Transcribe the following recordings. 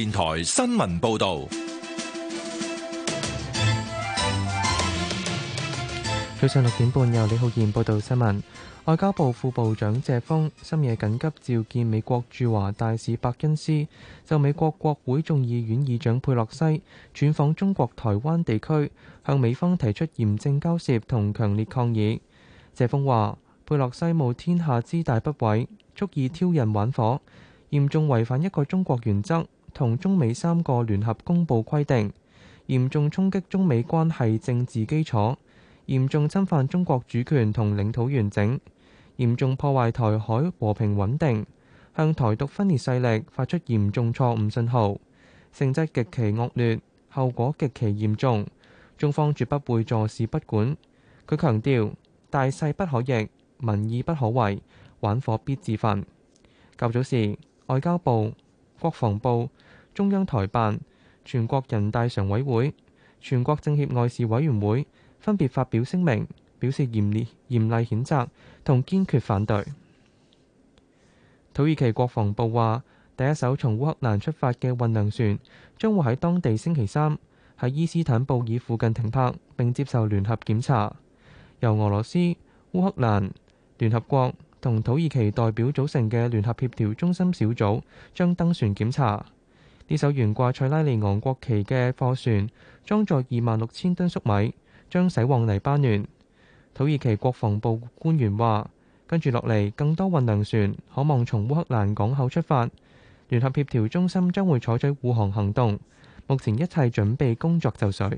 電台新聞報道，早上六點半由李浩然報道新聞。外交部副部長謝鋒深夜緊急召見美國駐華大使伯恩斯，就美國國會眾議院議長佩洛西轉訪中國台灣地區，向美方提出嚴正交涉同強烈抗議。謝鋒話：佩洛西冒天下之大不韙，足以挑釁玩火，嚴重違反一個中國原則。同中美三個聯合公佈規定，嚴重衝擊中美關係政治基礎，嚴重侵犯中國主權同領土完整，嚴重破壞台海和平穩定，向台獨分裂勢力發出嚴重錯誤信號，性質極其惡劣，後果極其嚴重。中方絕不會坐視不管。佢強調，大勢不可逆，民意不可違，玩火必自焚。較早時，外交部、國防部。中央台辦、全國人大常委會、全國政協外事委員會分別發表聲明，表示嚴厲嚴厲譴責同堅決反對。土耳其國防部話，第一艘從烏克蘭出發嘅運糧船將會喺當地星期三喺伊斯坦布爾附近停泊，並接受聯合檢查。由俄羅斯、烏克蘭、聯合國同土耳其代表組成嘅聯合協調中心小組將登船檢查。呢艘懸掛塞拉利昂國旗嘅貨船裝載二萬六千噸粟米，將駛往黎巴嫩。土耳其國防部官員話：跟住落嚟，更多運糧船可望從烏克蘭港口出發。聯合協調中心將會採取護航行動，目前一切準備工作就緒。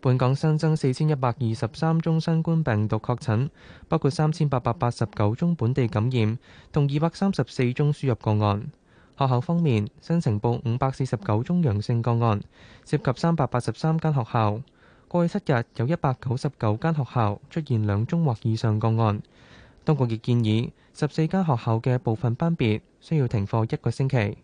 本港新增四千一百二十三宗新冠病毒確診，包括三千八百八十九宗本地感染，同二百三十四宗輸入個案。學校方面，新呈報五百四十九宗陽性個案，涉及三百八十三間學校。過去七日，有一百九十九間學校出現兩宗或以上個案。當局亦建議十四間學校嘅部分班別需要停課一個星期。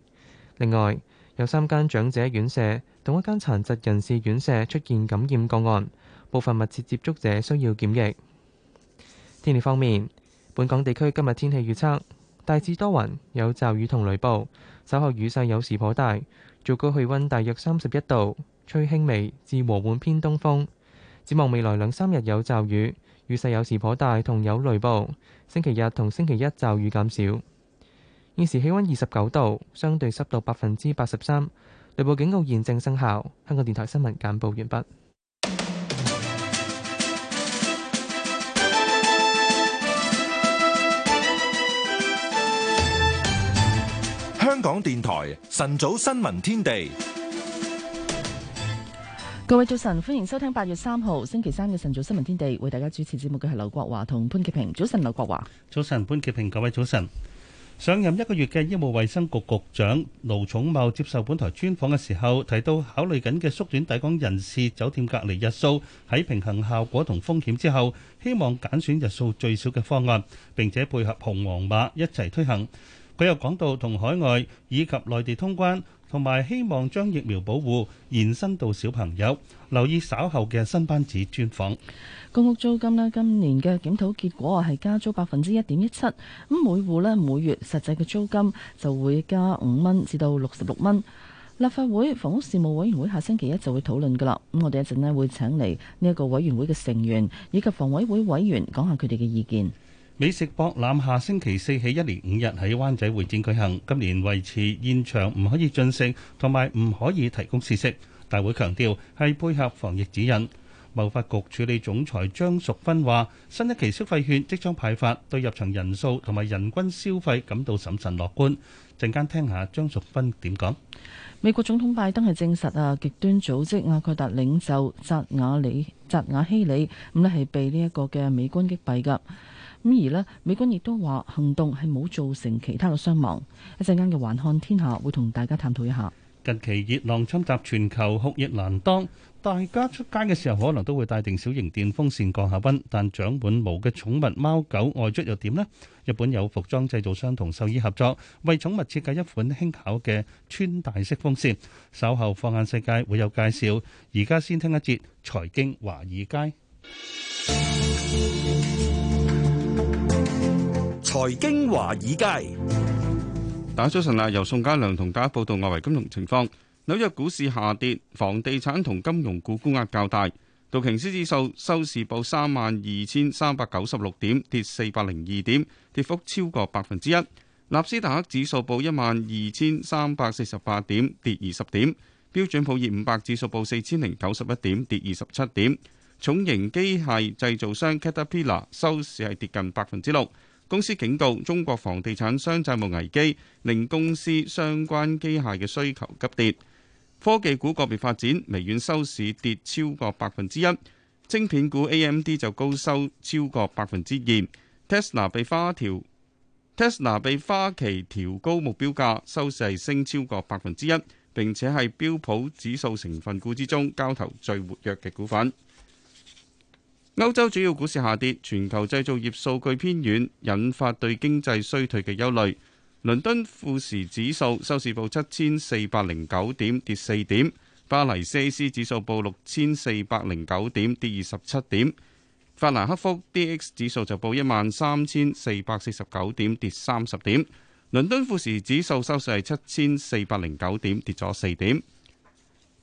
另外，有三間長者院舍同一間殘疾人士院舍出現感染個案，部分密切接觸者需要檢疫。天氣方面，本港地區今日天氣預測。大致多雲，有驟雨同雷暴，稍後雨勢有時頗大。最高氣溫大約三十一度，吹輕微至和緩偏東風。展望未來兩三日有驟雨，雨勢有時頗大，同有雷暴。星期日同星期一驟雨減少。現時氣溫二十九度，相對濕度百分之八十三，雷暴警告現正生效。香港電台新聞簡報完畢。港電台晨早新聞天地，各位早晨，歡迎收聽八月三號星期三嘅晨早新聞天地，為大家主持節目嘅係劉國華同潘潔平。早晨，劉國華，早晨，潘潔平，各位早晨。上任一個月嘅醫務衛生局局長盧寵茂接受本台專訪嘅時候，提到考慮緊嘅縮短抵港人士酒店隔離日數，喺平衡效果同風險之後，希望揀選日數最少嘅方案，並且配合紅黃碼一齊推行。佢又講到同海外以及內地通關，同埋希望將疫苗保護延伸到小朋友。留意稍後嘅新班子專訪。公屋租金咧，今年嘅檢討結果係加租百分之一點一七，咁每戶咧每月實際嘅租金就會加五蚊至到六十六蚊。立法會房屋事務委員會下星期一就會討論㗎啦。咁我哋一陣咧會請嚟呢一個委員會嘅成員以及房委會委員講下佢哋嘅意見。美食博覽下星期四起一連五日喺灣仔會展舉行,今年維持現場唔可以進食,同埋唔可以提供試食。大會強調係配合防疫指引。貿發局處理總裁張淑芬話,新一期消費券,即將派發,對入場人數,同埋人均消費,感到審慎樂觀。陣間聽下張淑芬,點講。美國總統拜登係證實,極端組織,阿蓋達領袖扎瓦里扎瓦希里咁呢係被呢一個嘅美軍擊斃㗎,呃,呃,呃,呃,呃,呃,咁而呢，美軍亦都話行動係冇造成其他嘅傷亡。一陣間嘅環看天下會同大家探討一下。近期熱浪侵襲全球，酷熱難當，大家出街嘅時候可能都會帶定小型電風扇降下溫。但長滿毛嘅寵物貓狗外出又點呢？日本有服裝製造商同獸醫合作，為寵物設計一款輕巧嘅穿戴式風扇。稍後放眼世界會有介紹。而家先聽一節財經華爾街。 財經華爾街打早晨啦，由宋家良同大家報道外圍金融情況。紐約股市下跌，房地產同金融股沽壓較大。道瓊斯指數收市報三萬二千三百九十六點，跌四百零二點，跌幅超過百分之一。納斯達克指數報一萬二千三百四十八點，跌二十點。標準普爾五百指數報四千零九十一點，跌二十七點。重型機械製造商 Caterpillar 收市係跌近百分之六。公司警告中國房地產商債務危機，令公司相關機械嘅需求急跌。科技股個別發展，微軟收市跌超過百分之一，晶片股 AMD 就高收超過百分之二。Tesla 被花調 Tesla 被花旗調高目標價，收市係升超過百分之一，並且係標普指數成分股之中交投最活躍嘅股份。歐洲主要股市下跌，全球製造業數據偏軟，引發對經濟衰退嘅憂慮。倫敦富時指數收市報七千四百零九點，跌四點；巴黎 CAC 指數報六千四百零九點，跌二十七點；法蘭克福 DAX 指數就報一萬三千四百四十九點，跌三十點。倫敦富時指數收市係七千四百零九點，跌咗四點。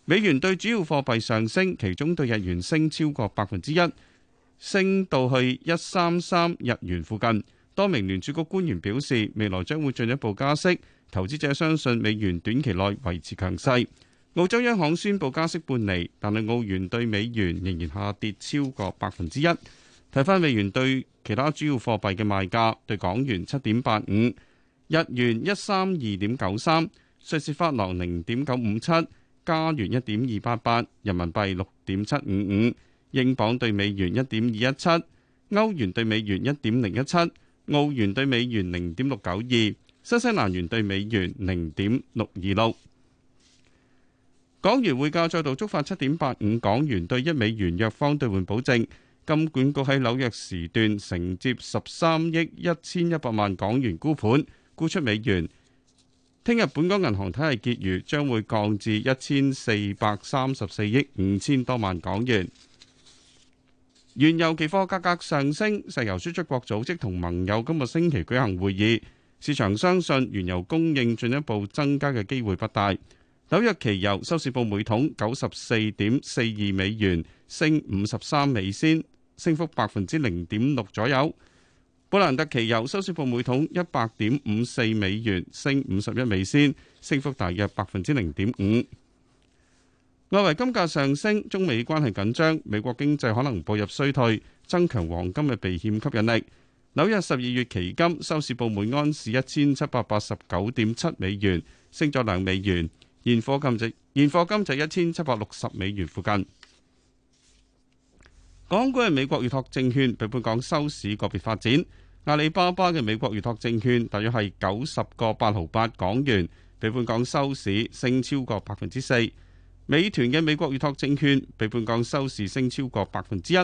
美元對主要貨幣上升，其中對日元升超過百分之一。升到去一三三日元附近。多名聯儲局官員表示，未來將會進一步加息。投資者相信美元短期內維持強勢。澳洲央行宣布加息半釐，但係澳元對美元仍然下跌超過百分之一。睇返美元對其他主要貨幣嘅賣價：對港元七點八五，日元一三二點九三，瑞士法郎零點九五七，加元一點二八八，人民幣六點七五五。英鎊對美元一點二一七，歐元對美元一點零一七，澳元對美元零點六九二，新西蘭元對美元零點六二六。港元匯價再度觸發七點八五港元對一美元，弱方兌換保證。金管局喺紐約時段承接十三億一千一百萬港元沽盤，沽出美元。聽日本港銀行體系結餘將會降至一千四百三十四億五千多萬港元。原油期貨價格上升，石油輸出國組織同盟友今個星期舉行會議，市場相信原油供應進一步增加嘅機會不大。紐約期油收市報每桶九十四點四二美元，升五十三美仙，升幅百分之零點六左右。布蘭特期油收市報每桶一百點五四美元，升五十一美仙，升幅大約百分之零點五。外圍金價上升，中美關係緊張，美國經濟可能步入衰退，增強黃金嘅避險吸引力。紐約十二月期金收市部每安士一千七百八十九點七美元，升咗兩美元。現貨金值現貨金就一千七百六十美元附近。港股係美國預託證券被本港收市個別發展。阿里巴巴嘅美國預託證券大約係九十個八毫八港元，被本港收市升超過百分之四。美團嘅美國預託證券比半港收市升超過百分之一，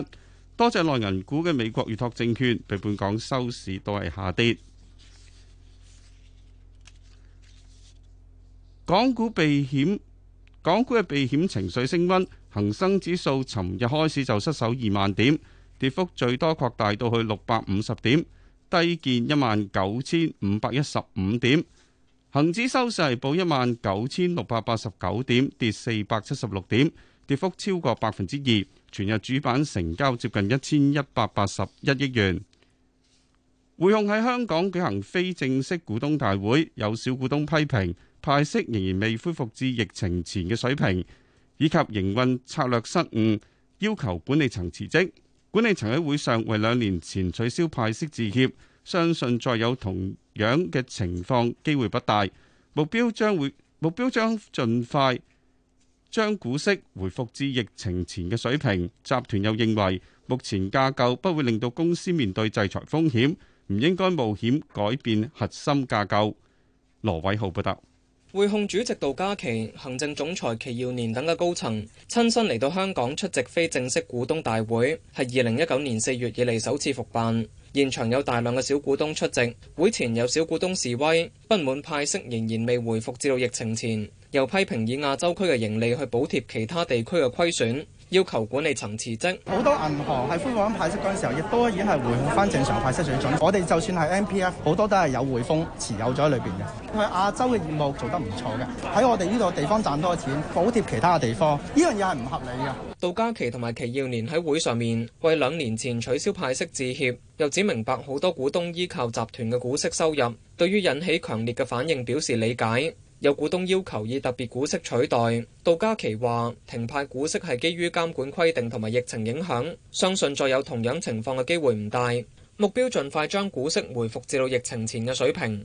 多隻內銀股嘅美國預託證券比半港收市都係下跌。港股避險，港股嘅避險情緒升温，恒生指數尋日開始就失守二萬點，跌幅最多擴大到去六百五十點，低見一萬九千五百一十五點。恒指收市報一萬九千六百八十九點，跌四百七十六點，跌幅超過百分之二。全日主板成交接近一千一百八十一億元。匯控喺香港舉行非正式股東大會，有小股東批評，派息仍然未恢復至疫情前嘅水平，以及營運策略失誤，要求管理層辭職。管理層喺會上為兩年前取消派息致歉，相信再有同。樣嘅情況機會不大，目標將會目標將盡快將股息回復至疫情前嘅水平。集團又認為目前架構不會令到公司面對制裁風險，唔應該冒險改變核心架構。羅偉浩報道，會控主席杜嘉琪、行政總裁祁耀年等嘅高層親身嚟到香港出席非正式股東大會，係二零一九年四月以嚟首次復辦。現場有大量嘅小股東出席，會前有小股東示威，不滿派息仍然未回復至到疫情前，又批評以亞洲區嘅盈利去補貼其他地區嘅虧損。要求管理層辭職，好多銀行喺恢復緊派息嗰陣時候，亦都已經係回復翻正常派息水準。 我哋就算係 MPF，好多都係有匯豐持有咗喺裏邊嘅。佢亞洲嘅業務做得唔錯嘅，喺我哋呢度地方賺多錢，補貼其他嘅地方，呢樣嘢係唔合理嘅。杜嘉祺同埋祁耀年喺會上面為兩年前取消派息致歉，又指明白好多股東依靠集團嘅股息收入，對於引起強烈嘅反應表示理解。有股東要求以特別股息取代，杜嘉琪話停派股息係基於監管規定同埋疫情影響，相信再有同樣情況嘅機會唔大，目標盡快將股息回復至到疫情前嘅水平。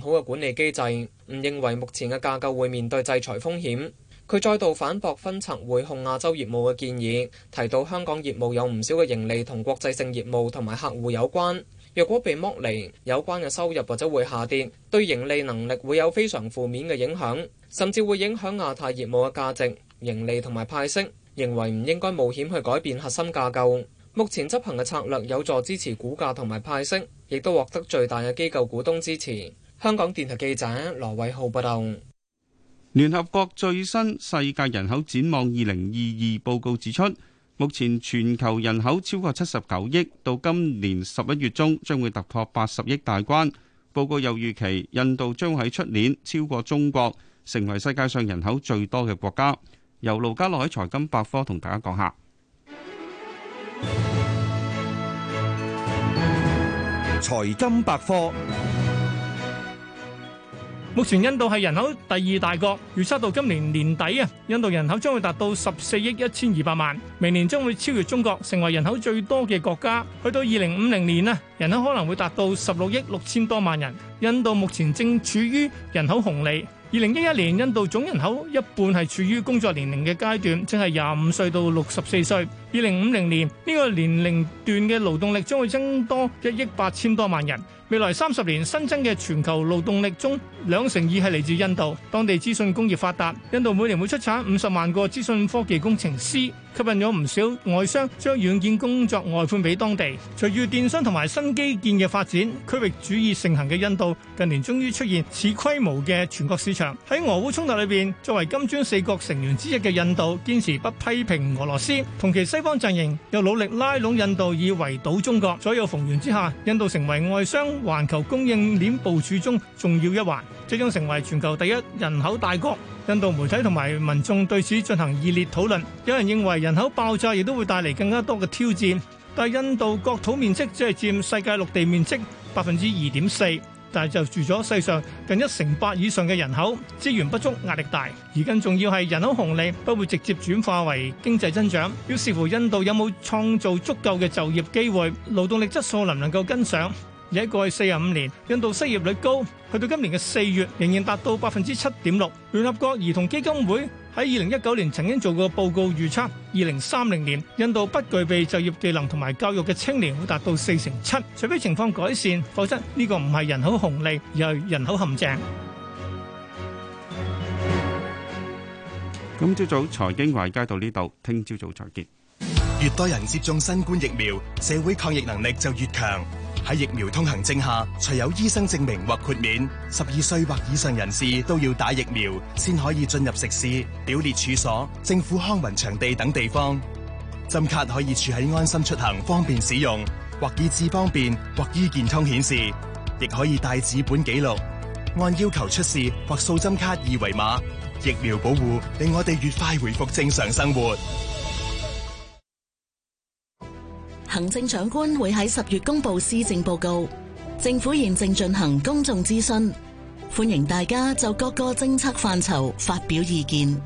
好嘅管理機制，唔認為目前嘅架構會面對制裁風險。佢再度反駁分拆匯控亞洲業務嘅建議，提到香港業務有唔少嘅盈利同國際性業務同埋客戶有關。若果被剝離，有關嘅收入或者會下跌，對盈利能力會有非常負面嘅影響，甚至會影響亞太業務嘅價值、盈利同埋派息。認為唔應該冒險去改變核心架構。目前執行嘅策略有助支持股價同埋派息，亦都獲得最大嘅機構股東支持。香港電台記者羅偉浩報道，聯合國最新世界人口展望二零二二報告指出，目前全球人口超過七十九億，到今年十一月中將會突破八十億大關。報告又預期印度將喺出年超過中國，成為世界上人口最多嘅國家。由盧家樂喺財金百科同大家講下財金百科。目前印度係人口第二大國，預測到今年年底啊，印度人口將會達到十四億一千二百萬，明年將會超越中國，成為人口最多嘅國家。去到二零五零年呢，人口可能會達到十六億六千多萬人。印度目前正處於人口紅利。二零一一年，印度總人口一半係處於工作年齡嘅階段，正係廿五歲到六十四歲。二零五零年，呢個年齡段嘅勞動力將會增多一億八千多萬人。未來三十年新增嘅全球勞動力中，兩成二係嚟自印度。當地資訊工業發達，印度每年會出產五十萬個資訊科技工程師，吸引咗唔少外商將軟件工作外判俾當地。隨住電商同埋新基建嘅發展，區域主義盛行嘅印度近年終於出現此規模嘅全國市場。喺俄烏衝突裏邊，作為金磚四國成員之一嘅印度，堅持不批評俄羅斯，同期西方陣營又努力拉攏印度以圍堵中國。左右逢源之下，印度成為外商，環球供應鏈部署中重要一環即將成為全球第一人口大國印度媒體同埋民眾對此進行熱烈討論有人認為人口爆炸亦都會帶嚟更加多嘅挑戰但印度國土面積只係占世界陸地面積百分之二點四但就住咗世上近一成八以上嘅人口而喺過去四十五年，印度失業率高，去到今年嘅四月仍然達到百分之七點六。聯合國兒童基金會喺二零一九年曾經做過報告預測，二零三零年印度不具備就業技能同埋教育嘅青年會達到四成七。除非情況改善，否則呢個唔係人口紅利，而係人口陷阱。今朝早財經華爾街到呢度，聽朝早再見。越多人接種新冠疫苗，社會抗疫能力就越強。喺疫苗通行證下，除有醫生證明或豁免，十二歲或以上人士都要打疫苗，先可以進入食肆、表列處所、政府康文場地等地方。針卡可以儲喺安心出行方便使用，或以智方便，或醫健通顯示，亦可以帶紙本記錄，按要求出示或掃針卡二維碼。疫苗保護令我哋越快回復正常生活。行政長官會喺十月公布施政報告，政府現正進行公眾諮詢，歡迎大家就各個政策範疇發表意見。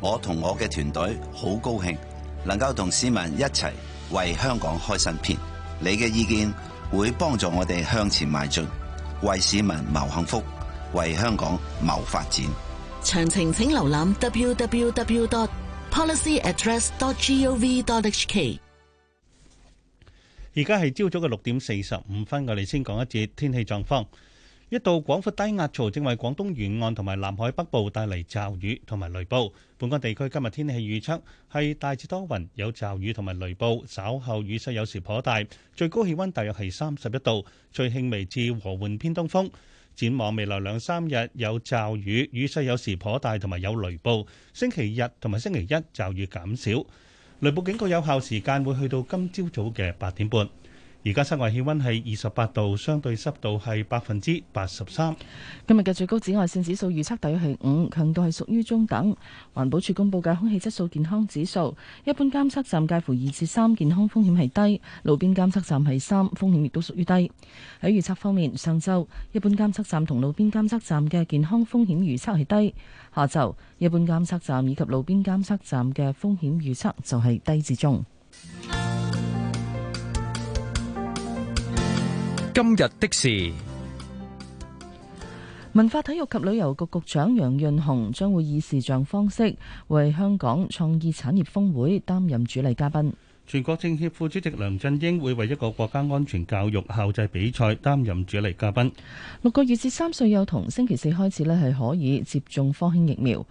我同我嘅團隊好高興，能夠同市民一齊為香港開新篇。你嘅意見會幫助我哋向前邁進，為市民謀幸福，為香港謀發展。詳情請瀏覽 www.policyaddress.gov.hk。而家係朝早嘅六點四十五分，我哋先講一節天氣狀況。一道廣闊低壓槽正為廣東沿岸同埋南海北部帶嚟驟雨同埋雷暴。本港地區今日天，天氣預測係大致多雲，有驟雨同埋雷暴，稍後雨勢有時頗大，最高氣溫大約係三十一度，最輕微至和緩偏東風。展望未來兩三日有驟雨，雨勢有時頗大，同埋有雷暴。星期日同埋星期一驟雨減少。雷暴警告有效時間會去到今朝早嘅八點半。而家室外氣溫係二十八度，相對濕度係百分之八十三。今日嘅最高紫外綫指數預測大約係五，強度係屬於中等。環保署公布嘅空氣質素健康指數，一般監測站介乎二至三，健康風險係低；路邊監測站係三，風險亦都屬於低。喺預測方面，上晝一般監測站同路邊監測站嘅健康風險預測係低；下晝一般監測站以及路邊監測站嘅風險預測就係低至中。今日的事，文化體育及旅遊局局長楊潤雄將會以視像方式為香港創意產業峰會擔任主禮嘉賓。全國政協副主席梁振英會為一個國家安全教育校際比賽擔任主禮嘉賓。六個月至三歲幼童，星期四開始呢，係可以接種科興疫苗。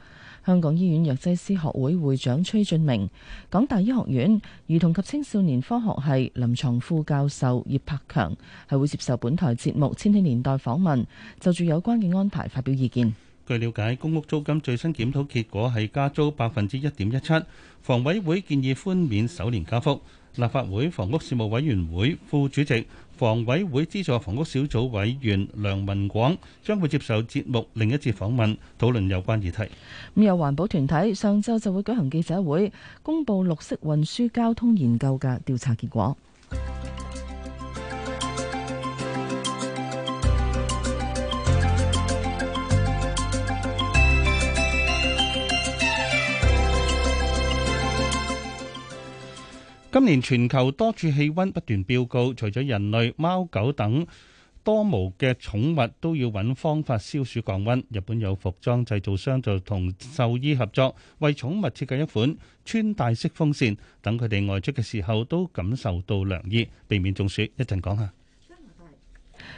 香港醫院藥劑師學會會長崔俊明，港大醫學院兒童及青少年科學系臨床副教授葉柏強，係會接受本台節目《千禧年代》訪問，就住有關嘅安排發表意見。據了解，公屋租金最新檢討結果係加租百分之一點一七，房委會建議寬免首年加幅。立法會房屋事務委員會副主席、房委會資助房屋小組委員梁文廣將會接受節目另一節訪問，討論有關議題。咁有環保團體上晝就會舉行記者會，公布綠色運輸交通研究嘅調查結果。今年全球多處氣溫不斷飆高，除咗人類，貓狗等多毛嘅寵物都要揾方法消暑降溫。日本有服裝製造商就同獸醫合作，為寵物設計一款穿戴式風扇，等佢哋外出嘅時候都感受到涼意，避免中暑。一陣講下。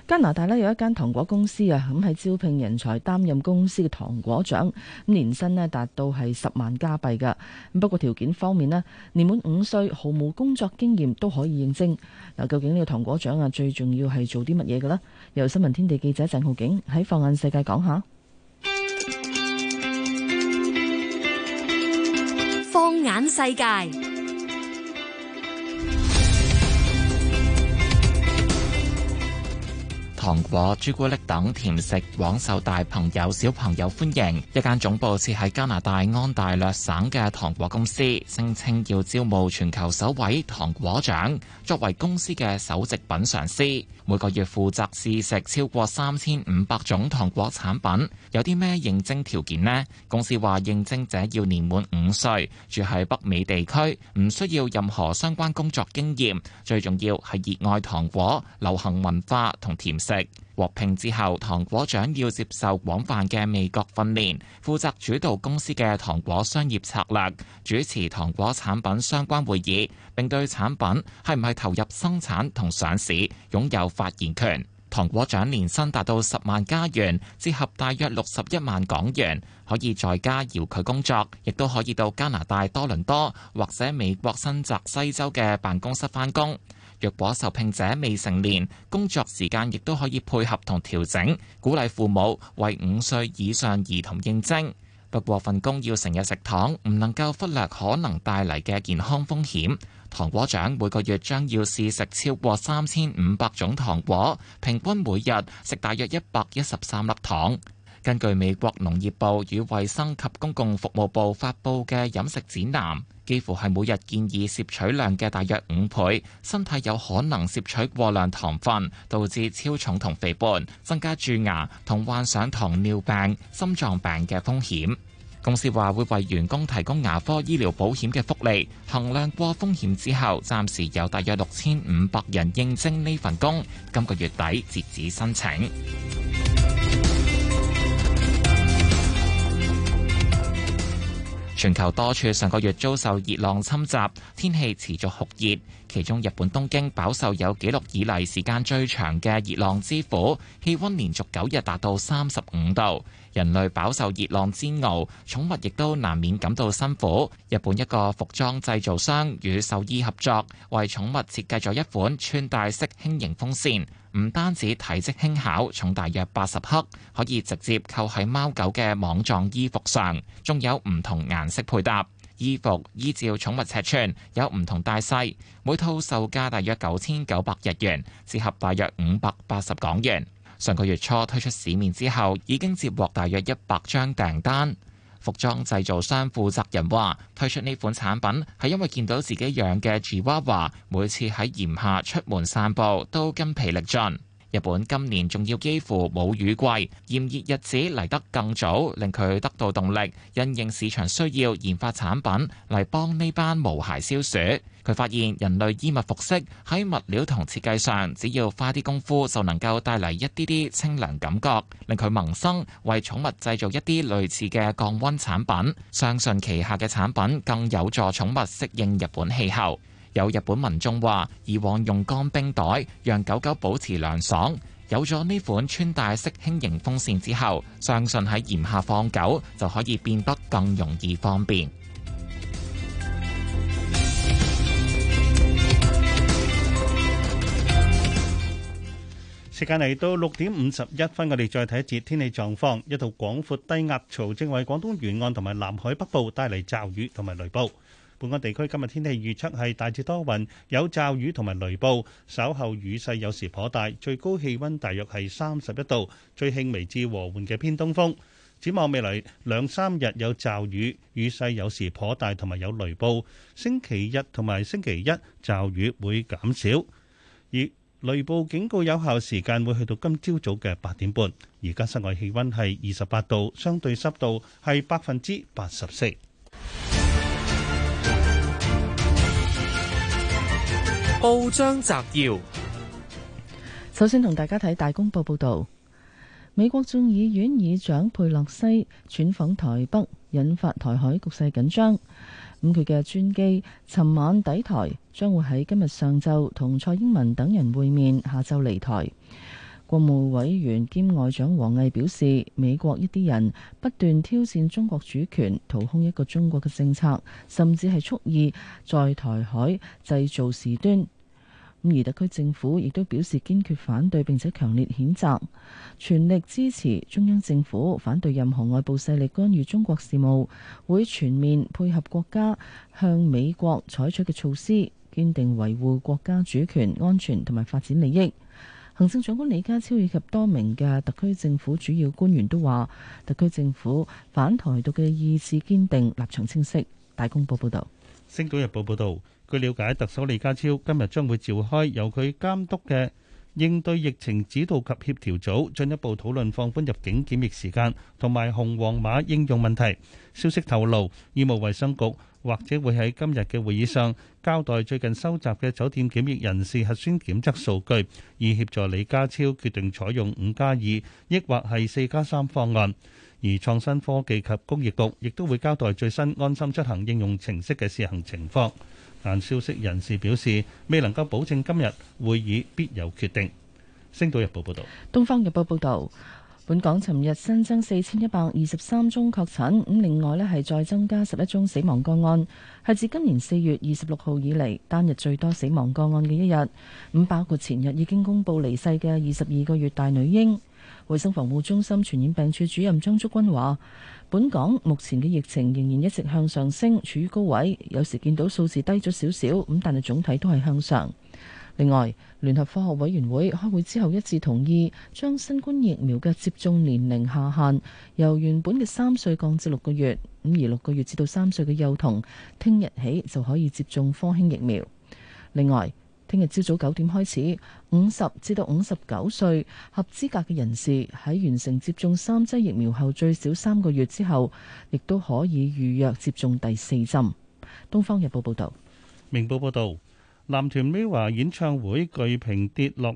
加拿大咧，有一間糖果公司啊，咁喺招聘，人才擔任公司嘅糖果獎，年薪咧達到係十萬加幣噶。咁不過條件方面咧，年滿五歲、毫無工作經驗都可以應徵。嗱，究竟呢個糖果獎啊最重要係做啲乜嘢嘅呢？由新聞天地記者鄭浩景喺放眼世界講下。放眼世界。糖果、朱古力等甜食廣受大朋友小朋友歡迎。一間總部設喺加拿大安大略省嘅糖果公司，聲稱要招募全球首位糖果長，作為公司嘅首席品嘗師，每個月負責試食超過三千五百種糖果產品。有啲咩應徵條件呢？公司話應徵者要年滿五歲，住喺北美地區，唔需要任何相關工作經驗，最重要係熱愛糖果、流行文化同甜食。獲聘之後，糖果長要接受廣泛嘅美國訓練，負責主導公司嘅糖果商業策略，主持糖果產品相關會議，並對產品係唔係投入生產同上市擁有發言權。糖果長年薪達到十萬加元，折合大約六十一萬港元，可以在家遙距工作，亦都可以到加拿大多倫多或者美國新澤西州嘅辦公室翻工。若果受聘者未成年，工作時間亦都可以配合同調整，鼓勵父母為五歲以上兒童應徵。不過，份工要成日食糖，唔能夠忽略可能帶嚟嘅健康風險。糖果獎每個月將要試食超過三千五百種糖果，平均每日食大約一百一十三粒糖。根據美國農業部與衞生及公共服務部發布嘅飲食指南。幾乎係每日建議攝取量嘅大約五倍，身體有可能攝取過量糖分，導致超重同肥胖，增加蛀牙同患上糖尿病、心臟病嘅風險。公司話會為員工提供牙科醫療保險嘅福利，衡量過風險之後，暫時有大約六千五百人應徵呢份工，今個月底截止申請。全球多處上個月遭受熱浪侵襲，天氣持續酷熱，其中日本東京飽受有紀錄以來時間最長嘅熱浪之苦，氣温連續九日達到三十五度。人類飽受熱浪煎熬，寵物亦都難免感到辛苦。日本一個服裝製造商與獸醫合作，為寵物設計咗一款穿戴式輕盈風扇，唔單止體積輕巧，重大約八十克，可以直接扣喺貓狗嘅網狀衣服上，仲有唔同顏色配搭。衣服依照寵物尺寸有唔同大細，每套售價大約九千九百日元，折合大約五百八十港元。上個月初推出市面之後，已經接獲大約一百張訂單。服裝製造商負責人話：推出呢款產品係因為見到自己養嘅吉娃娃每次喺炎夏出門散步都筋疲力盡。日本今年仲要幾乎冇雨季，炎熱日子嚟得更早，令佢得到動力，因應市場需要研發產品嚟幫呢班毛孩消暑。佢發現人類衣物服飾喺物料同設計上，只要花啲功夫，就能夠帶嚟一啲啲清涼感覺，令佢萌生為寵物製造一啲類似嘅降温產品。相信旗下嘅產品更有助寵物適應日本氣候。有日本民眾話：以往用乾冰袋讓狗狗保持涼爽，有咗呢款穿戴式輕盈風扇之後，相信喺炎夏放狗就可以變得更容易方便。時間嚟到六點五十一分，我哋再睇一節天氣狀況。一道廣闊低壓槽正為廣東沿岸同埋南海北部帶嚟驟雨同埋雷暴。本港地區今日天氣預測係大致多雲，有驟雨同埋雷暴，稍後雨勢有時頗大，最高氣温大約係三十一度，最輕微至和緩嘅偏東風。展望未來兩三日有驟雨，雨勢有時頗大，同埋有雷暴。星期日同埋星期一驟雨會減少，而。雷暴警告有效時間會去到今朝早嘅八點半。而家室外氣温係二十八度，相對濕度係百分之八十四。報章摘要：首先同大家睇大公報報道，美國眾議院議長佩洛西竄訪台北，引發台海局勢緊張。咁佢嘅專機，尋晚抵台，將會喺今日上晝同蔡英文等人會面，下晝離台。國務委員兼外長王毅表示，美國一啲人不斷挑戰中國主權，掏空一個中國嘅政策，甚至係蓄意在台海製造事端。咁而特區政府亦都表示堅決反對並且強烈譴責，全力支持中央政府反對任何外部勢力干預中國事務，會全面配合國家向美國採取嘅措施，堅定維護國家主權安全同埋發展利益。行政長官李家超以及多名嘅特區政府主要官員都話，特區政府反台獨嘅意志堅定，立場清晰。大公報報道，星島日報報道。據了解，特首李家超今日將會召開由佢監督嘅應對疫情指導及協調組，進一步討論放寬入境檢疫時間同埋紅黃碼應用問題。消息透露，醫務衛生局或者會喺今日嘅會議上交代最近收集嘅酒店檢疫人士核酸檢測數據，以協助李家超決定採用五加二，抑或係四加三方案。而創新科技及工業局亦都會交代最新安心出行應用程式嘅試行情況。但消息人士表示，未能夠保證今日會議必有決定。星島日報報道，東方日報報道，本港尋日新增四千一百二十三宗確診，咁另外呢，係再增加十一宗死亡個案，係自今年四月二十六號以嚟單日最多死亡個案嘅一日。咁包括前日已經公布離世嘅二十二個月大女嬰。衛生防護中心傳染病處主任張竹君話。本港目前嘅疫情仍然一直向上升，處於高位。有時見到數字低咗少少，咁但係總體都係向上。另外，聯合科學委員會開會之後一致同意，將新冠疫苗嘅接種年齡下限由原本嘅三歲降至六個月。咁而六個月至到三歲嘅幼童，聽日起就可以接種科興疫苗。另外聽日朝早九點開始，五十至到五十九歲合資格嘅人士喺完成接種三劑疫苗後，最少三個月之後，亦都可以預約接種第四針。東方日報報道，明報報道，男團 MIRROR 演唱會巨屏跌落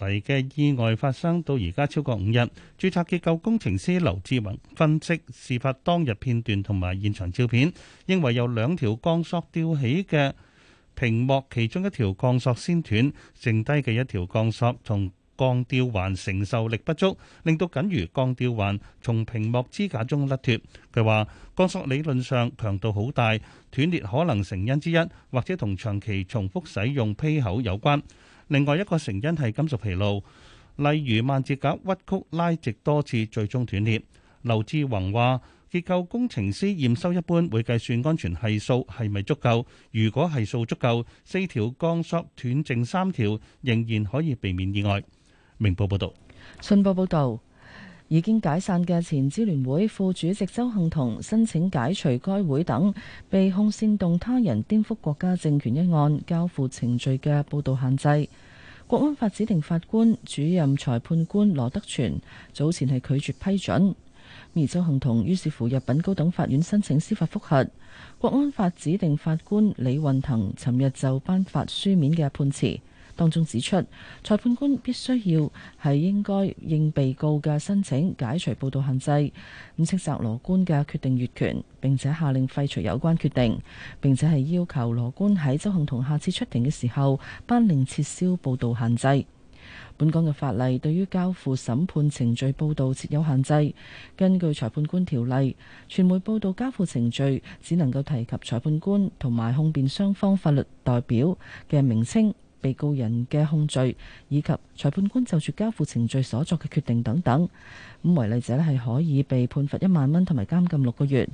嚟嘅意外發生到而家超過五日，註冊結構工程師劉志文分析事發當日片段同埋現場照片，認為有兩條鋼索吊起嘅。屏幕其中一條鋼索先斷，剩低嘅一條鋼索同鋼吊環承受力不足，令到僅餘鋼吊環從屏幕支架中甩脱。佢話鋼索理論上強度好大，斷裂可能成因之一，或者同長期重複使用批口有關。另外一個成因係金屬疲勞，例如萬字夾屈曲拉直多次，最終斷裂。劉志宏話。結構工程師驗收一般會計算安全係數，係咪足夠？如果係數足夠，四條鋼索斷剩三條，仍然可以避免意外。明報報導，信報報導，已經解散嘅前支聯會副主席周幸彤申請解除該會等被控煽動他人顛覆國家政權一案交付程序嘅報道限制。國安法指定法官主任裁判官羅德全早前係拒絕批准。而周幸彤於是乎入禀高等法院申請司法覆核，國安法指定法官李運騰尋日就頒發書面嘅判詞，當中指出裁判官必須要係應該應被告嘅申請解除報道限制，咁斥責羅官嘅決定越權，並且下令廢除有關決定，並且係要求羅官喺周幸彤下次出庭嘅時候，頒令撤銷報道限制。本港嘅法例對於交付審判程序報導設有限制。根據裁判官條例，傳媒報導交付程序只能夠提及裁判官同埋控辯雙方法律代表嘅名稱、被告人嘅控罪以及裁判官就住交付程序所作嘅決定等等。咁違例者咧係可以被判罰一萬蚊同埋監禁六個月。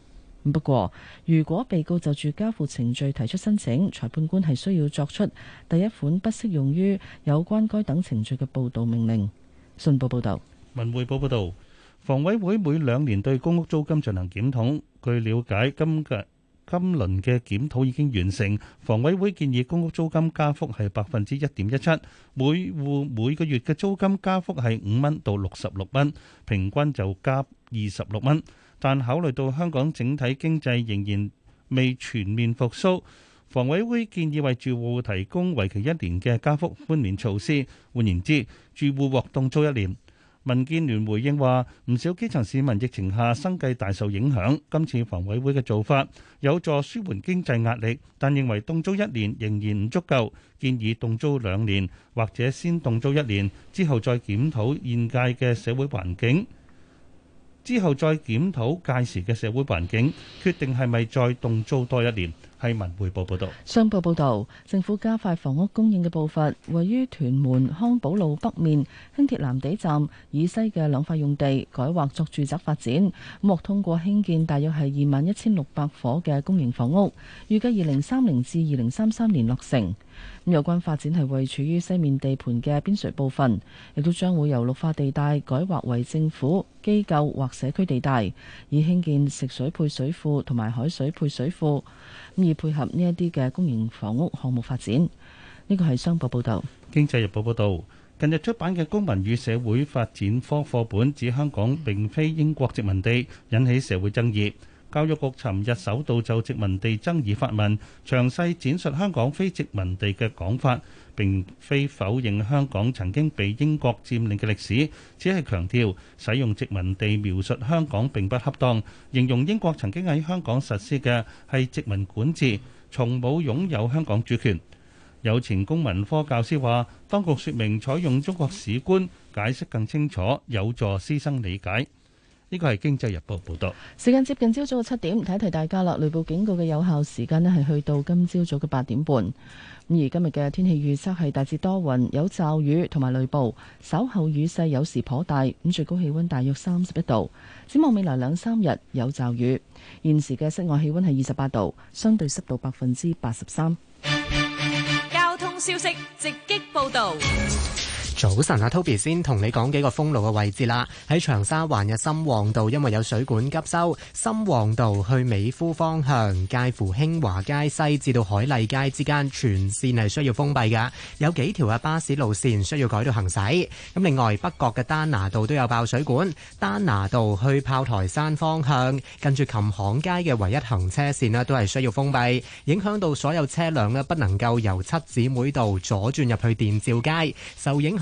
不過，如果被告就住交付程序提出申請，裁判官係需要作出第一款不適用於有關該等程序嘅報道命令。信報報導，文匯報報導，房委會每兩年對公屋租金進行檢討。據了解今，今嘅今輪嘅檢討已經完成，房委會建議公屋租金加幅係百分之一點一七，每戶每個月嘅租金加幅係五蚊到六十六蚊，平均就加二十六蚊。但考慮到香港整體經濟仍然未全面復甦，房委會建議為住戶提供為期一年嘅加幅寬廉措施，換言之，住戶獲凍租一年。民建聯回應話，唔少基層市民疫情下生計大受影響，今次房委會嘅做法有助舒緩經濟壓力，但認為凍租一年仍然唔足夠，建議凍租兩年或者先凍租一年之後再檢討現屆嘅社會環境。之後再檢討屆時嘅社會環境，決定係咪再動租多一年。係文匯報報道。商報報道，政府加快房屋供應嘅步伐，位於屯門康寶路北面、輕鐵藍地站以西嘅兩塊用地，改劃作住宅發展，獲通過興建大約係二萬一千六百伙嘅公營房屋，預計二零三零至二零三三年落成。咁有關發展係位處於西面地盤嘅邊陲部分，亦都將會由綠化地帶改劃為政府、機構或社區地帶，以興建食水配水庫同埋海水配水庫，咁以配合呢一啲嘅公營房屋項目發展。呢個係商報報導，《經濟日報》報導，近日出版嘅《公民與社會發展科》課本指香港並非英國殖民地，引起社會爭議。教育局尋日首度就殖民地爭議發文，詳細展述香港非殖民地嘅講法，並非否認香港曾經被英國佔領嘅歷史，只係強調使用殖民地描述香港並不恰當，形容英國曾經喺香港實施嘅係殖民管治，從冇擁有香港主權。有前公民科教師話，當局説明採用中國史觀解釋更清楚，有助師生理解。呢個係《經濟日報》報道，時間接近朝早嘅七點，提一提大家啦，雷暴警告嘅有效時間呢係去到今朝早嘅八點半。咁而今日嘅天氣預測係大致多雲，有驟雨同埋雷暴，稍後雨勢有時頗大。咁最高氣溫大約三十一度。展望未來兩三日有驟雨。現時嘅室外氣溫係二十八度，相對濕度百分之八十三。交通消息，直擊報道。早晨啊，Toby 先同你講幾個封路嘅位置啦。喺長沙灣嘅深旺道，因為有水管急修，深旺道去美孚方向，介乎興華街西至到海麗街之間，全線係需要封閉嘅。有幾條嘅巴士路線需要改道行駛。咁另外，北角嘅丹拿道都有爆水管，丹拿道去炮台山方向，跟住琴行街嘅唯一行車線咧，都係需要封閉，影響到所有車輛咧，不能夠由七姊妹道左轉入去電照街，受影響。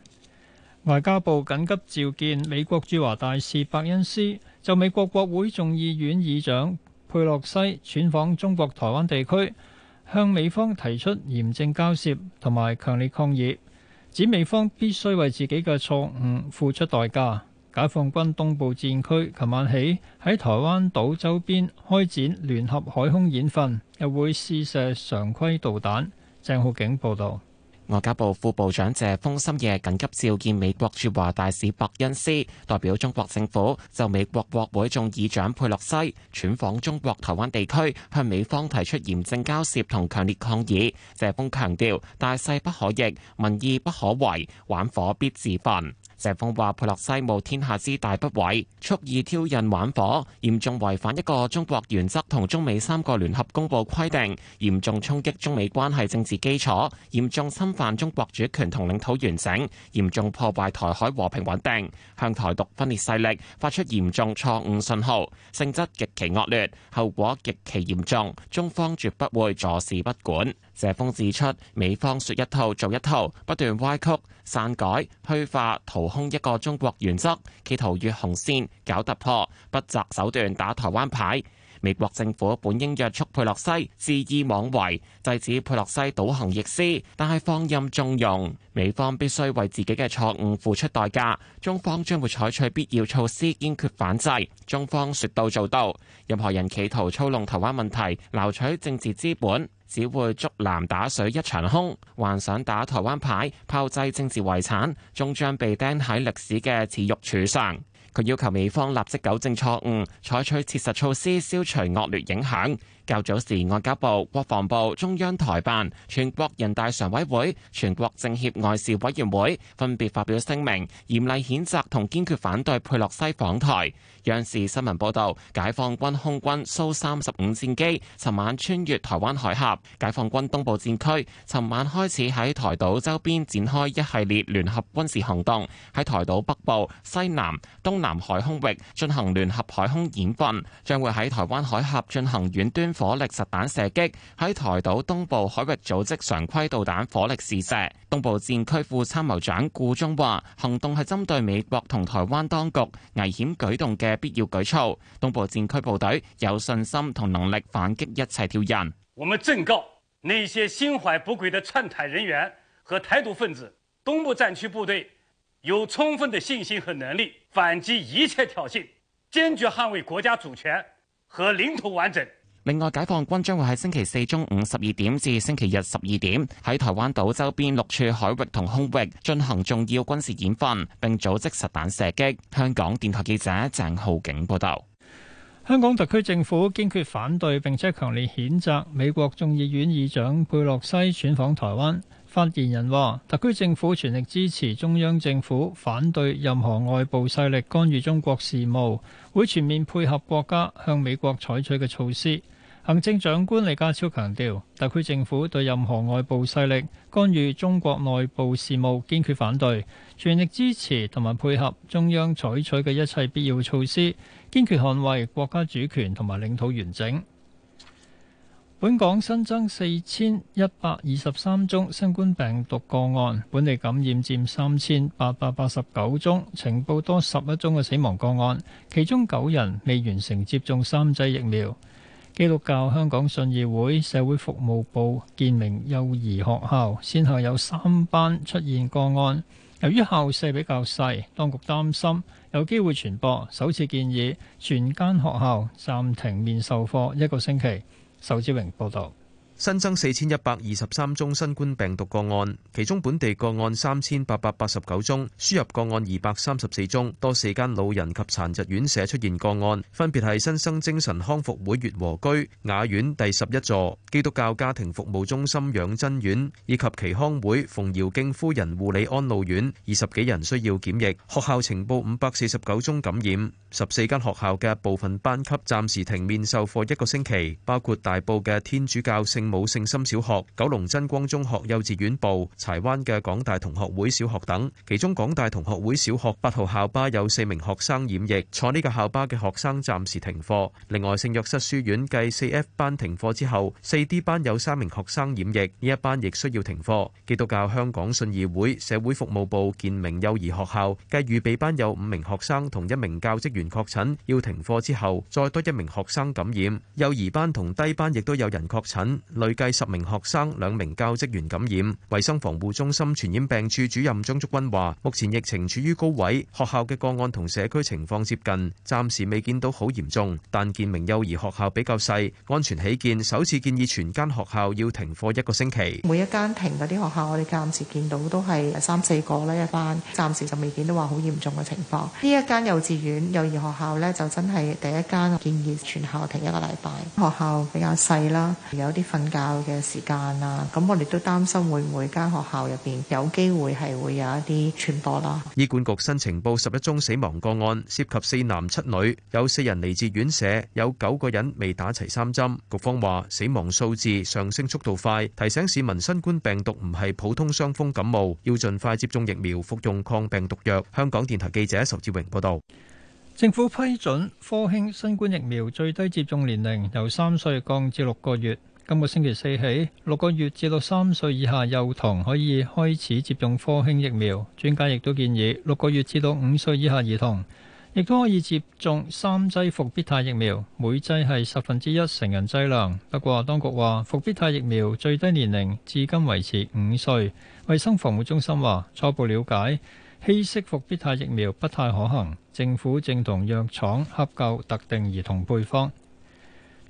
外交部緊急召見美國駐華大使伯恩斯，就美國國會眾議院議長佩洛西竄訪中國台灣地區，向美方提出嚴正交涉同埋強烈抗議，指美方必須為自己嘅錯誤付出代價。解放軍東部戰區琴晚起喺台灣島周邊開展聯合海空演訓，又會試射常規導彈。鄭浩景報導。外交部副部長謝鋒深夜緊急召見美國駐華大使伯恩斯，代表中國政府就美國國會眾議長佩洛西竄訪中國台灣地區，向美方提出嚴正交涉同強烈抗議。謝鋒強調：大勢不可逆，民意不可違，玩火必自焚。謝鋒話：佩洛西冒天下之大不韙，蓄意挑釁玩火，嚴重違反一個中國原則同中美三個聯合公佈規定，嚴重衝擊中美關係政治基礎，嚴重侵犯中國主權同領土完整，嚴重破壞台海和平穩定，向台獨分裂勢力發出嚴重錯誤信號，性質極其惡劣，後果極其嚴重，中方絕不會坐視不管。謝峰指出，美方說一套做一套，不斷歪曲、篡改、虛化、掏空一個中國原則，企圖越紅線搞突破，不擇手段打台灣牌。美國政府本應約束佩洛西，肆意妄為，制止佩洛西倒行逆施，但係放任縱容。美方必須為自己嘅錯誤付出代價。中方將會採取必要措施，堅決反制。中方說到做到，任何人企圖操弄台灣問題，撈取政治資本，只會竹籃打水一場空，幻想打台灣牌、炮製政治遺產，終將被釘喺歷史嘅恥辱柱上。佢要求美方立即糾正錯誤，採取切實措施消除惡劣影響。較早時，外交部、國防部、中央台辦、全國人大常委會、全國政協外事委員會分別發表聲明，嚴厲譴責同堅決反對佩洛西訪台。央視新聞報道，解放軍空軍蘇三十五戰機尋晚穿越台灣海峽。解放軍東部戰區尋晚開始喺台島周邊展開一系列聯合軍事行動，喺台島北部、西南、東南海空域進行聯合海空演訓，將會喺台灣海峽進行遠端。火力實彈射擊喺台島東部海域組織常規導彈火力試射,射。東部戰區副參謀長顧忠話，行動係針對美國同台灣當局危險舉動嘅必要舉措。東部戰區部隊有信心同能力反擊一切挑釁。我們正告那些心懷不軌的竄台人員和台獨分子，東部戰區部隊有充分的信心和能力反擊一切挑釁，堅決捍衛國家主權和領土完整。另外，解放軍將會喺星期四中午十二點至星期日十二點喺台灣島周邊六處海域同空域進行重要軍事演訓，並組織實彈射擊。香港電台記者鄭浩景報道。香港特區政府堅決反對並且強烈譴責美國眾議院議長佩洛西竄訪台灣。發言人話：特區政府全力支持中央政府反對任何外部勢力干預中國事務，會全面配合國家向美國採取嘅措施。行政長官李家超強調，特區政府對任何外部勢力干預中國內部事務堅決反對，全力支持同埋配合中央採取嘅一切必要措施，堅決捍衞國家主權同埋領土完整。本港新增四千一百二十三宗新冠病毒個案，本地感染佔三千八百八十九宗，呈報多十一宗嘅死亡個案，其中九人未完成接種三劑疫苗。基督教香港信義會社會服務部建明幼兒學校，先後有三班出現個案。由於校舍比較細，當局擔心有機會傳播，首次建議全間學校暫停面授課一個星期。仇志榮報導。新增四千一百二十三宗新冠病毒個案，其中本地個案三千八百八十九宗，輸入個案二百三十四宗。多四間老人及殘疾院舍出現個案，分別係新生精神康復會月和居雅苑第十一座基督教家庭服務中心養真院以及其康會馮堯敬夫人護理安老院。二十幾人需要檢疫。學校呈報五百四十九宗感染，十四間學校嘅部分班級暫時停面授課一個星期，包括大埔嘅天主教聖。武聖心小學、九龍真光中學幼稚園部、柴灣嘅港大同學會小學等，其中港大同學會小學八號校巴有四名學生染疫，坐呢個校巴嘅學生暫時停課。另外，聖若瑟書院繼四 F 班停課之後，四 D 班有三名學生染疫，呢一班亦需要停課。基督教香港信義會社會服務部健明幼兒學校繼預備班有五名學生同一名教職員確診要停課之後，再多一名學生感染，幼兒班同低班亦都有人確診。累計十名學生、兩名教職員感染。衛生防護中心傳染病處主任張竹君話，目前疫情處於高位，學校嘅個案同社區情況接近，暫時未見到好嚴重。但見明幼兒學校比較細，安全起見，首次建議全間學校要停課一個星期。每一間停嗰啲學校，我哋暫時見到都係三四個咧一班，暫時就未見到話好嚴重嘅情況。呢一間幼稚園、幼兒學校呢，就真係第一間建議全校停一個禮拜。學校比較細啦，有啲份。瞓覺嘅時間啦，咁我哋都擔心會唔會間學校入邊有機會係會有一啲傳播啦。醫管局新呈報十一宗死亡個案，涉及四男七女，有四人嚟自院舍，有九個人未打齊三針。局方話死亡數字上升速度快，提醒市民新冠病毒唔係普通傷風感冒，要盡快接種疫苗，服用抗病毒藥。香港電台記者仇志榮報導。政府批准科興新冠疫苗最低接種年齡由三歲降至六個月。今個星期四起，六個月至到三歲以下幼童可以開始接種科興疫苗。專家亦都建議，六個月至到五歲以下兒童亦都可以接種三劑復必泰疫苗，每劑係十分之一成人劑量。不過，當局話復必泰疫苗最低年齡至今維持五歲。衛生防護中心話初步了解稀釋復必泰疫苗不太可行，政府正同藥廠洽購特定兒童配方。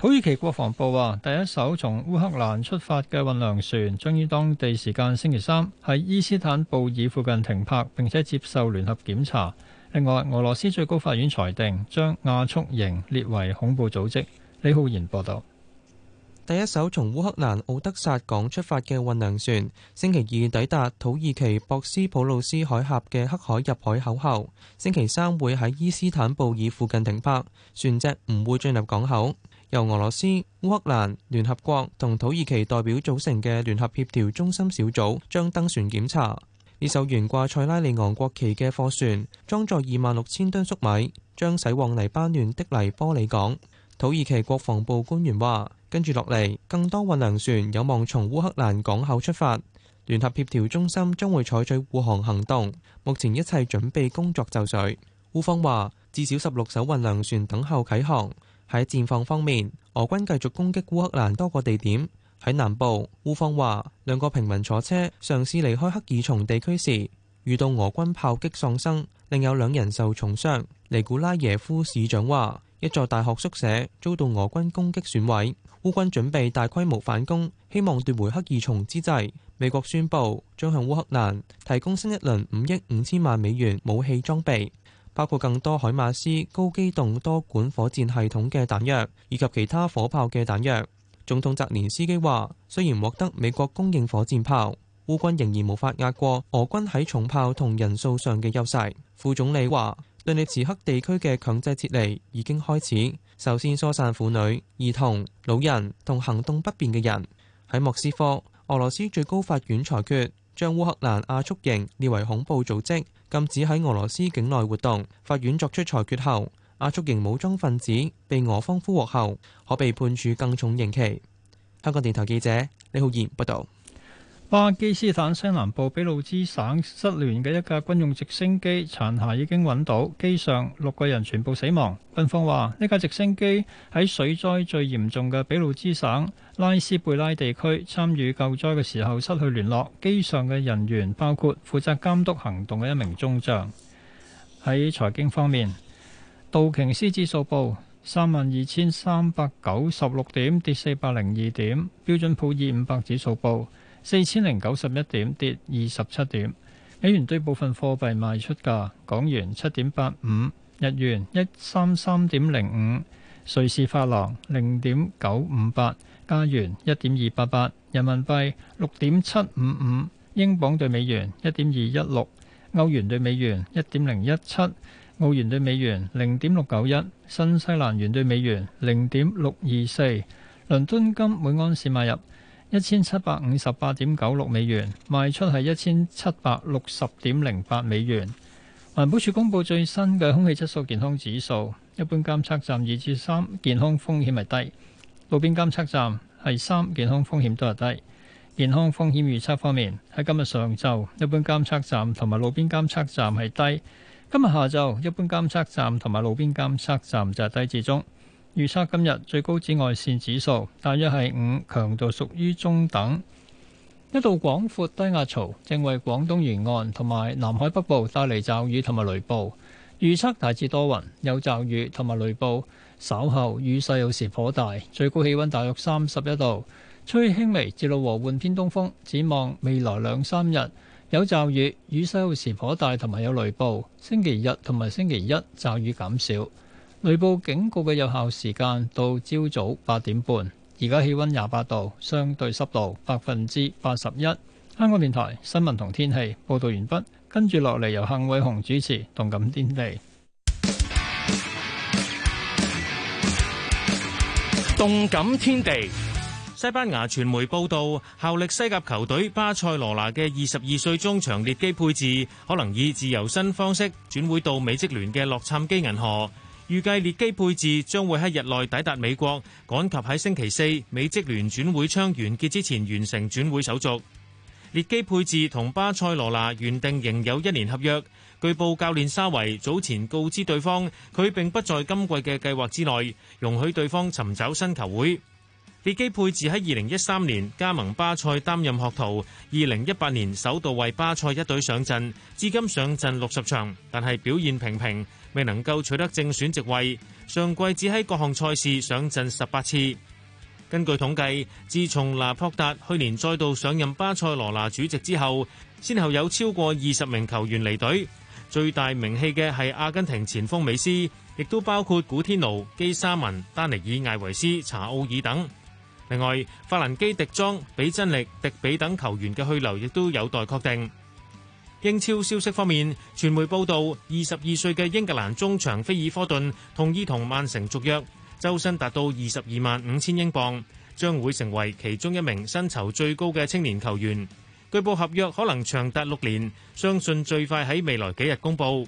土耳其國防部話，第一艘從烏克蘭出發嘅運糧船將於當地時間星期三喺伊斯坦布爾附近停泊，並且接受聯合檢查。另外，俄羅斯最高法院裁定將亞速營列為恐怖組織。李浩然報道，第一艘從烏克蘭敖德薩港出發嘅運糧船，星期二抵達土耳其博斯普魯斯海峽嘅黑海入海口後，星期三會喺伊斯坦布爾附近停泊，船隻唔會進入港口。由俄羅斯、烏克蘭、聯合國同土耳其代表組成嘅聯合協調中心小組將登船檢查呢艘懸掛塞拉利昂國旗嘅貨船，裝載二萬六千噸粟米，將駛往黎巴嫩的黎波里港。土耳其國防部官員話：跟住落嚟，更多運糧船有望從烏克蘭港口出發。聯合協調中心將會採取護航行動，目前一切準備工作就緒。烏方話，至少十六艘運糧船等候啟航。喺戰況方面，俄軍繼續攻擊烏克蘭多個地點。喺南部，烏方話兩個平民坐車嘗試離開赫爾松地區時，遇到俄軍炮擊喪生，另有兩人受重傷。尼古拉耶夫市長話一座大學宿舍遭到俄軍攻擊損毀。烏軍準備大規模反攻，希望奪回赫爾松之際，美國宣布將向烏克蘭提供新一輪五億五千萬美元武器裝備。包括更多海馬斯高機動多管火箭系統嘅彈藥以及其他火炮嘅彈藥，總統澤連斯基話雖然獲得美國供應火箭炮，烏軍仍然無法壓過俄軍喺重炮同人數上嘅優勢，副總理話頓涅茨克地區嘅強制撤離已經開始，首先疏散婦女、兒童、老人同行動不便嘅人。喺莫斯科，俄羅斯最高法院裁決將烏克蘭亞速營列為恐怖組織。禁止喺俄羅斯境內活動。法院作出裁決後，阿速營武裝分子被俄方俘獲後，可被判處更重刑期。香港電台記者李浩然報道。巴基斯坦西南部俾路支省失聯嘅一架軍用直升機殘骸已經揾到，機上六個人全部死亡。軍方話呢架直升機喺水災最嚴重嘅俾路支省拉斯貝拉地區參與救災嘅時候失去聯絡，機上嘅人員包括負責監督行動嘅一名中將。喺財經方面，道瓊斯指數報三萬二千三百九十六點，跌四百零二點；標準普爾五百指數報。四千零九十一點，跌二十七點。美元兌部分貨幣賣出價，港元七點八五，日元一三三點零五，瑞士法郎零點九五八，加元一點二八八，人民幣六點七五五，英鎊兌美元一點二一六，歐元兌美元一點零一七，澳元兌美元零點六九一，新西蘭元兌美元零點六二四。倫敦金每安士買入一千七百五十八點九六美元，賣出係一千七百六十點零八美元。環保署公佈最新嘅空氣質素健康指數，一般監測站二至三，健康風險係低；路邊監測站係三，健康風險都係低。健康風險預測方面，喺今日上晝，一般監測站同埋路邊監測站係低；今日下晝，一般監測站同埋路邊監測站就係低至中。預測今日最高紫外線指數大約係五，強度屬於中等。一道廣闊低壓槽正為廣東沿岸同埋南海北部帶嚟驟雨同埋雷暴。預測大致多雲，有驟雨同埋雷暴，稍後雨勢有時頗大。最高氣温大約三十一度，吹輕微至柔和緩偏東風。展望未來兩三日有驟雨，雨勢有時頗大，同埋有雷暴。星期日同埋星期一驟雨減少。雷暴警告嘅有效時間到朝早八點半。而家氣温廿八度，相對濕度百分之八十一。香港電台新聞同天氣報導完畢，跟住落嚟由幸偉雄主持《動感天地》。動感天地。西班牙傳媒報導，效力西甲球隊巴塞羅那嘅二十二歲中場列基配置，可能以自由身方式轉會到美職聯嘅洛杉磯銀河。預計列基佩治將會喺日內抵達美國，趕及喺星期四美職聯轉會窗完結之前完成轉會手續。列基佩治同巴塞羅那原定仍有一年合約，據報教練沙維早前告知對方，佢並不在今季嘅計劃之內，容許對方尋找新球會。列基佩治喺二零一三年加盟巴塞擔任學徒，二零一八年首度為巴塞一隊上陣，至今上陣六十場，但係表現平平。未能夠取得正選席位，上季只喺各項賽事上陣十八次。根據統計，自從拿破達去年再度上任巴塞羅那主席之後，先後有超過二十名球員離隊，最大名氣嘅係阿根廷前鋒美斯，亦都包括古天奴、基沙文、丹尼爾艾維斯、查奧爾等。另外，法蘭基迪莊、比真力、迪比等球員嘅去留亦都有待確定。英超消息方面，傳媒報道，二十二歲嘅英格蘭中場菲爾科頓同意同曼城續約，周薪達到二十二萬五千英鎊，將會成為其中一名薪酬最高嘅青年球員。據報合約可能長達六年，相信最快喺未來幾日公布。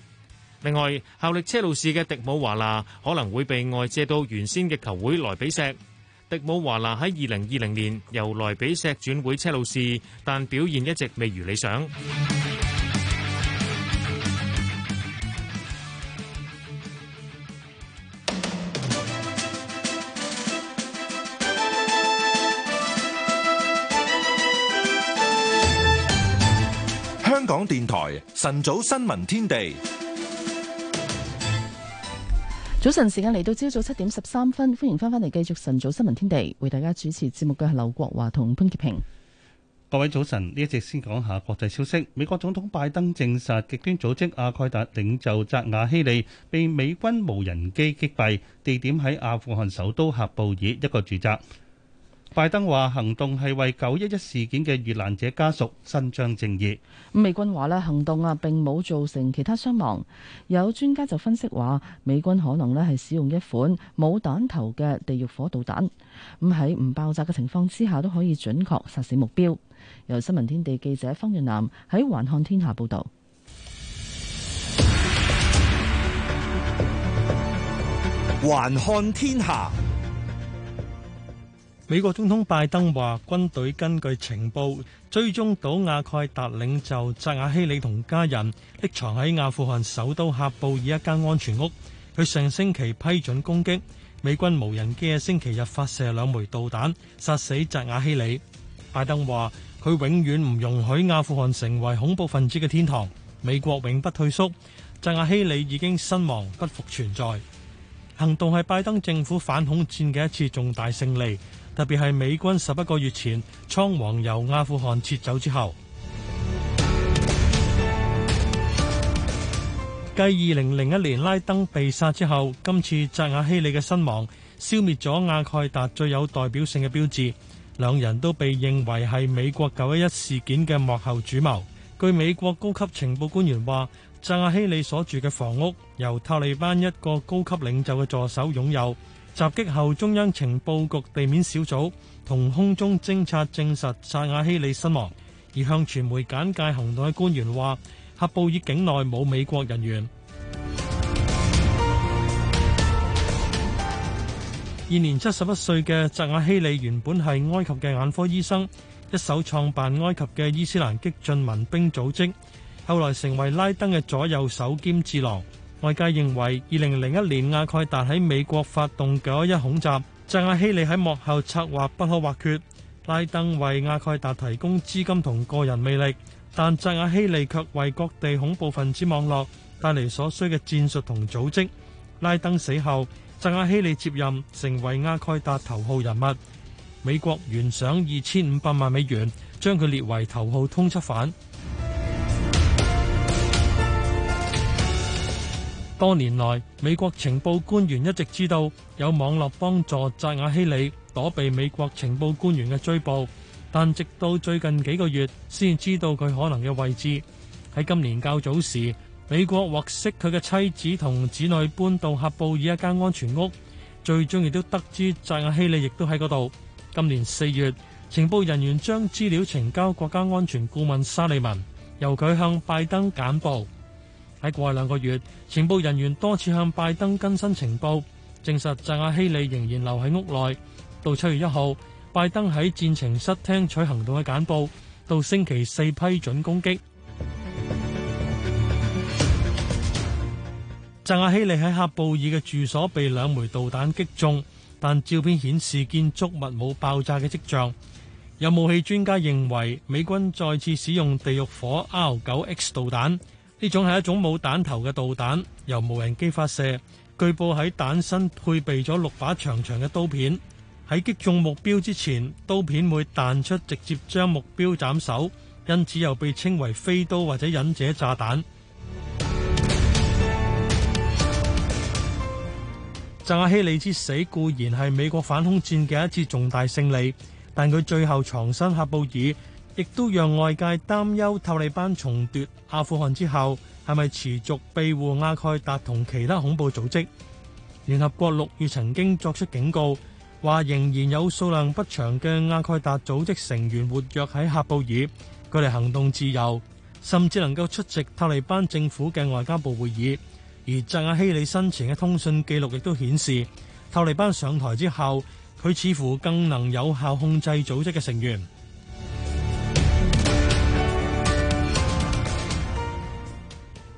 另外，效力車路士嘅迪姆華拿，可能會被外借到原先嘅球會萊比錫。迪姆華拿喺二零二零年由萊比錫轉會車路士，但表現一直未如理想。電台晨早新聞天地，早晨時間嚟到朝早七點十三分，歡迎翻翻嚟繼續晨早新聞天地，為大家主持節目嘅係劉國華同潘潔平。各位早晨，呢一節先講下國際消息。美國總統拜登證實，極端組織阿蓋達領袖扎瓦希里被美軍無人機擊斃，地點喺阿富汗首都喀布爾一個住宅。拜登話行動係為九一一事件嘅遇難者家屬伸張正義。美軍話呢行動啊，並冇造成其他傷亡。有專家就分析話，美軍可能呢係使用一款冇彈頭嘅地獄火導彈。咁喺唔爆炸嘅情況之下，都可以準確殺死目標。由新聞天地記者方月南喺環看天下報道。環看天下。美國總統拜登話：軍隊根據情報追蹤到阿蓋達領袖扎瓦希里同家人匿藏喺阿富汗首都喀布爾一間安全屋。佢上星期批准攻擊，美軍無人機喺星期日發射兩枚導彈，殺死扎瓦希里。拜登話：佢永遠唔容許阿富汗成為恐怖分子嘅天堂。美國永不退縮。扎瓦希里已經身亡，不復存在。行動係拜登政府反恐戰嘅一次重大勝利。特別係美軍十一個月前倉皇由阿富汗撤走之後， 繼二零零一年拉登被殺之後，今次扎瓦希里嘅身亡，消滅咗阿蓋達最有代表性嘅標誌。兩人都被認為係美國九一一事件嘅幕後主謀。據美國高級情報官員話，扎瓦希里所住嘅房屋由塔利班一個高級領袖嘅助手擁有。襲擊後，中央情報局地面小組同空中偵察證實扎瓦希里身亡，而向傳媒簡介行動嘅官員話，喀布爾境內冇美國人員。現 年七十一歲嘅扎瓦希里原本係埃及嘅眼科醫生，一手創辦埃及嘅伊斯蘭激進民兵組織，後來成為拉登嘅左右手兼智囊。外界認為二零零一年阿蓋達喺美國發動九一一恐襲，扎瓦希利喺幕後策劃不可或缺。拉登為阿蓋達提供資金同個人魅力，但扎瓦希利卻為各地恐怖分子網絡帶嚟所需嘅戰術同組織。拉登死後，扎瓦希利接任，成為阿蓋達頭號人物。美國懸賞二千五百萬美元，將佢列為頭號通緝犯。多年來美國情報官員一直知道有網絡幫助扎瓦希里躲避美國情報官員嘅追捕，但直到最近幾個月先知道佢可能嘅位置。喺今年較早時美國獲悉佢嘅妻子同子女搬到喀布爾一間安全屋，最終亦都得知扎瓦希里亦都喺嗰度。今年四月，情報人員將資料呈交國家安全顧問沙利文，由佢向拜登簡報。喺過過兩個月，情報人員多次向拜登更新情報，證實扎瓦希里仍然留喺屋內。到七月一號，拜登喺戰情室聽取行動嘅簡報，到星期四批准攻擊。扎瓦 希里喺喀布爾嘅住所被兩枚導彈擊中，但照片顯示建築物冇爆炸嘅跡象。有武器專家認為美軍再次使用地獄火 R 九 X 導彈。呢種係一種冇彈頭嘅導彈，由無人機發射。據報喺彈身配備咗六把長長嘅刀片，喺擊中目標之前，刀片會彈出，直接將目標斬首，因此又被稱為飛刀或者忍者炸彈。扎 希利之死固然係美國反空戰嘅一次重大勝利，但佢最後藏身喀布爾。亦都讓外界擔憂，塔利班重奪阿富汗之後，係咪持續庇護阿蓋達同其他恐怖組織？聯合國六月曾經作出警告，話仍然有數量不詳嘅阿蓋達組織成員活躍喺喀布爾，佢哋行動自由，甚至能夠出席塔利班政府嘅外交部會議。而扎亞希里先前嘅通訊記錄亦都顯示，塔利班上台之後，佢似乎更能有效控制組織嘅成員。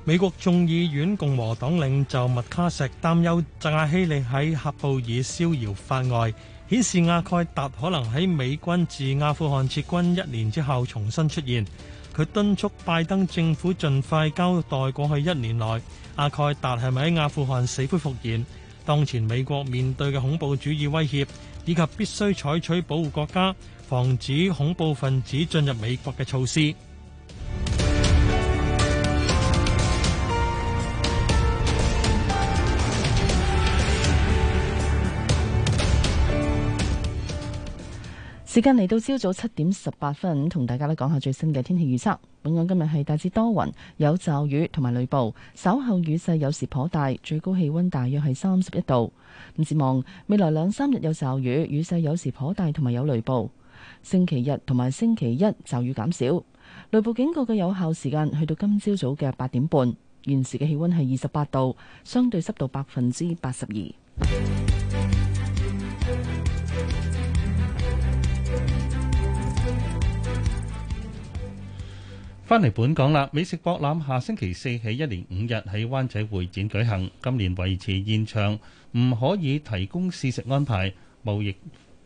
美國眾議院共和黨領袖麥卡錫擔憂扎亞希里喺喀布爾逍遙法外，顯示阿蓋達可能喺美軍自阿富汗撤軍一年之後重新出現。佢敦促拜登政府盡快交代過去一年內阿蓋達係咪喺阿富汗死灰復燃，當前美國面對嘅恐怖主義威脅，以及必須採取保護國家、防止恐怖分子進入美國嘅措施。時間嚟到朝早七點十八分，同大家咧講下最新嘅天氣預測。本港今日係大致多雲，有驟雨同埋雷暴，稍後雨勢有時頗大，最高氣溫大約係三十一度。咁展望未來兩三日有驟雨，雨勢有時頗大，同埋有雷暴。星期日同埋星期一驟雨減少，雷暴警告嘅有效時間去到今朝早嘅八點半。現時嘅氣溫係二十八度，相對濕度百分之八十二。翻嚟本港啦！美食博覽下星期四起一連五日喺灣仔會展舉行，今年維持現場，唔可以提供試食安排，貿易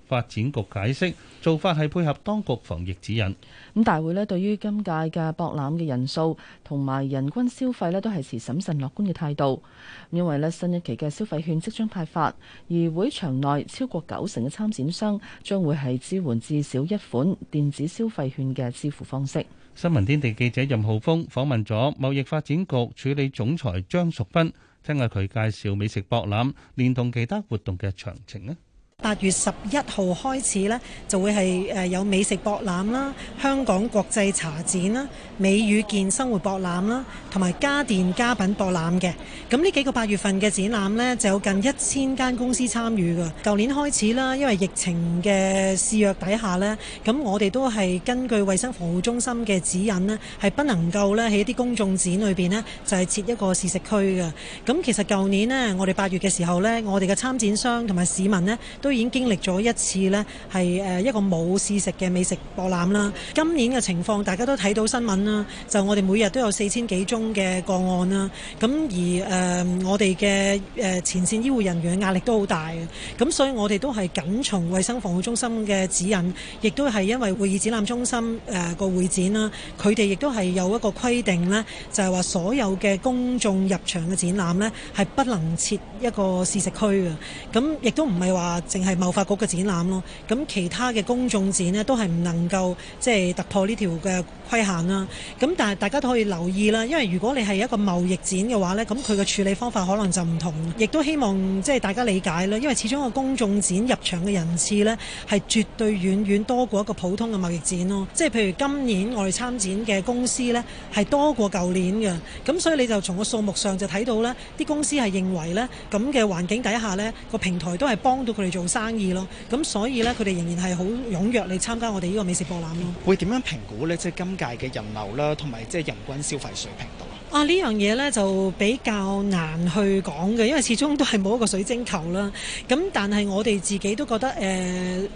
發展局解釋做法係配合當局防疫指引。咁大會呢，對於今屆嘅博覽嘅人數同埋人均消費呢，都係持審慎樂觀嘅態度。因為呢，新一期嘅消費券即將派發，而會場內超過九成嘅參展商將會係支援至少一款電子消費券嘅支付方式。新聞天地記者任浩峰訪問咗貿易發展局助理總裁張淑芬，聽下佢介紹美食博覽連同其他活動嘅詳情呢。八月十一號開始呢，就會係誒有美食博覽啦、香港國際茶展啦、美與健生活博覽啦，同埋家電家品博覽嘅。咁呢幾個八月份嘅展覽呢，就有近一千間公司參與噶。舊年開始啦，因為疫情嘅肆虐底下呢，咁我哋都係根據衛生防護中心嘅指引呢，係不能夠呢喺一啲公眾展裏邊呢，就係設一個試食區嘅。咁其實舊年呢，我哋八月嘅時候呢，我哋嘅參展商同埋市民呢都。都已經經歷咗一次呢，係誒一個冇試食嘅美食博覽啦。今年嘅情況，大家都睇到新聞啦，就我哋每日都有四千幾宗嘅個案啦。咁而誒、呃、我哋嘅誒前線醫護人員嘅壓力都好大嘅。咁所以我哋都係緊隨衞生防護中心嘅指引，亦都係因為會議展覽中心誒個會展啦，佢哋亦都係有一個規定呢就係、是、話所有嘅公眾入場嘅展覽呢係不能設一個試食區嘅。咁亦都唔係話係貿發局嘅展覽咯，咁其他嘅公眾展咧都係唔能夠即係突破呢條嘅規限啦。咁但係大家都可以留意啦，因為如果你係一個貿易展嘅話咧，咁佢嘅處理方法可能就唔同。亦都希望即係大家理解啦，因為始終個公眾展入場嘅人次咧係絕對遠遠多過一個普通嘅貿易展咯。即係譬如今年我哋參展嘅公司咧係多過舊年嘅，咁所以你就從個數目上就睇到咧，啲公司係認為咧咁嘅環境底下咧個平台都係幫到佢哋做。生意咯，咁所以咧，佢哋仍然係好踴躍嚟參加我哋呢個美食博覽咯。會點樣評估咧？即係今屆嘅人流啦，同埋即係人均消費水平度。啊呢樣嘢呢，就比較難去講嘅，因為始終都係冇一個水晶球啦。咁但係我哋自己都覺得誒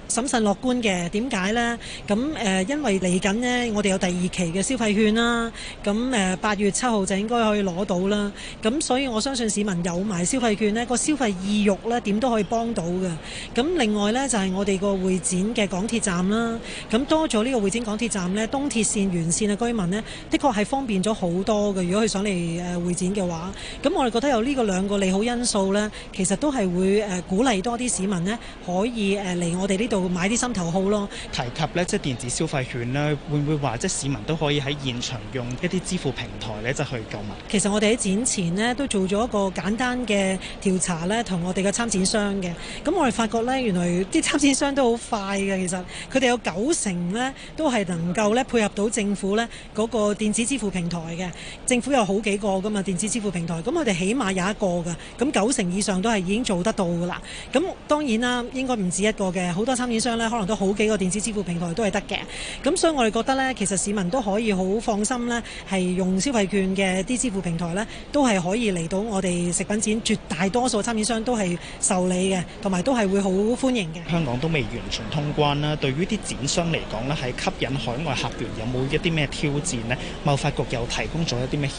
審慎樂觀嘅。點解呢？咁誒、呃、因為嚟緊呢，我哋有第二期嘅消費券啦。咁誒，八月七號就應該可以攞到啦。咁所以我相信市民有埋消費券呢，個消費意欲呢，點都可以幫到嘅。咁另外呢，就係、係、我哋個會展嘅港鐵站啦。咁多咗呢個會展港鐵站呢，東鐵線沿線嘅居民呢，的確係方便咗好多嘅。如果上嚟誒會展嘅話，咁我哋覺得有呢個兩個利好因素咧，其實都係會誒鼓勵多啲市民咧，可以誒嚟我哋呢度買啲心頭好咯。提及咧，即係電子消費券咧，會唔會話即係市民都可以喺現場用一啲支付平台咧，就去購物？其實我哋喺展前咧都做咗一個簡單嘅調查咧，同我哋嘅參展商嘅。咁我哋發覺咧，原來啲參展商都好快嘅，其實佢哋有九成咧都係能夠咧配合到政府咧嗰個電子支付平台嘅政府。都有好幾個噶嘛，電子支付平台，咁我哋起碼有一個噶，咁九成以上都係已經做得到噶啦。咁當然啦，應該唔止一個嘅，好多參展商呢，可能都好幾個電子支付平台都係得嘅。咁所以我哋覺得呢，其實市民都可以好放心呢，係用消費券嘅啲支付平台呢，都係可以嚟到我哋食品展，絕大多數參展商都係受理嘅，同埋都係會好歡迎嘅。香港都未完全通關啦，對於啲展商嚟講呢，係吸引海外客源，有冇一啲咩挑戰呢？貿發局又提供咗一啲咩？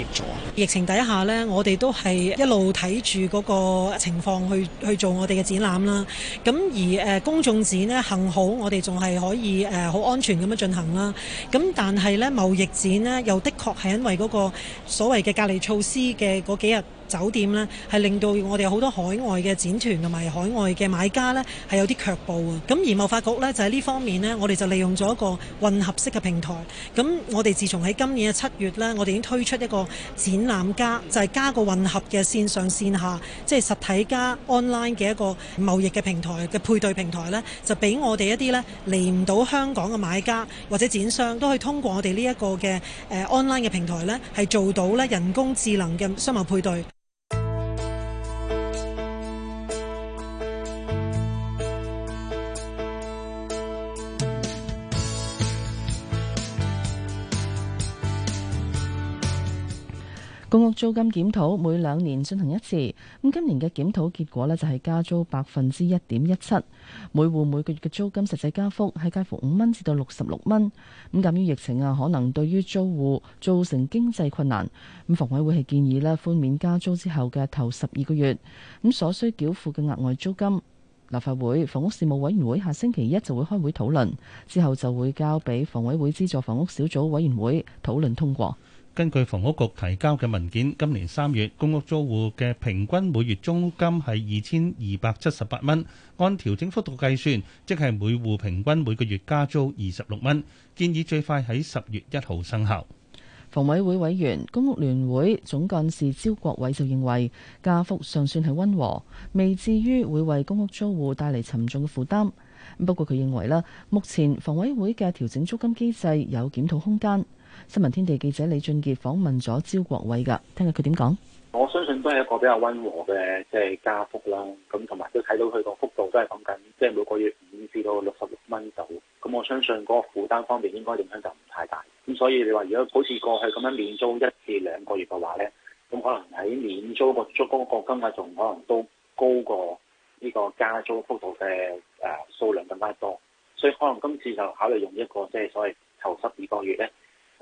疫情底下呢，我哋都係一路睇住嗰個情況去去做我哋嘅展覽啦。咁而誒公眾展呢，幸好我哋仲係可以誒好安全咁樣進行啦。咁但係呢，貿易展呢，又的確係因為嗰個所謂嘅隔離措施嘅嗰幾日。酒店呢，係令到我哋好多海外嘅展團同埋海外嘅買家呢，係有啲卻步啊。咁而貿發局呢，就喺呢方面呢，我哋就利用咗一個混合式嘅平台。咁我哋自從喺今年嘅七月呢，我哋已經推出一個展覽家，就係加個混合嘅線上線下，即係實體加 online 嘅一個貿易嘅平台嘅配對平台呢，就俾我哋一啲呢嚟唔到香港嘅買家或者展商都可以通過我哋呢一個嘅誒 online 嘅平台呢，係做到呢人工智能嘅商貿配對。租金檢討每兩年進行一次，咁今年嘅檢討結果呢，就係加租百分之一點一七，每戶每個月嘅租金實際加幅係介乎五蚊至到六十六蚊。咁鑒於疫情啊，可能對於租戶造成經濟困難，咁房委會係建議呢，寬免加租之後嘅頭十二個月，咁所需繳付嘅額外租金，立法會房屋事務委員會下星期一就會開會討論，之後就會交俾房委會資助房屋小組委員會討論通過。根據房屋局提交嘅文件，今年三月公屋租戶嘅平均每月租金係二千二百七十八蚊，按調整幅度計算，即係每戶平均每個月加租二十六蚊。建議最快喺十月一號生效。房委會委員公屋聯會總幹事招國偉就認為，加幅尚算係溫和，未至於會為公屋租戶帶嚟沉重嘅負擔。不過佢認為啦，目前房委會嘅調整租金機制有檢討空間。新聞天地記者李俊杰訪問咗招國偉噶，聽下佢點講？我相信都係一個比較温和嘅即係加幅啦，咁同埋都睇到佢個幅度都係講緊即係每個月五至到六十六蚊度，咁我相信嗰個負擔方面應該影響就唔太大。咁所以你話如果好似過去咁樣免租一至兩個月嘅話咧，咁可能喺免租，嗰個租嗰個金額仲可能都高過呢個加租幅度嘅，誒數量更加多，所以可能今次就考慮用一個即係、就是、所謂頭十二個月咧。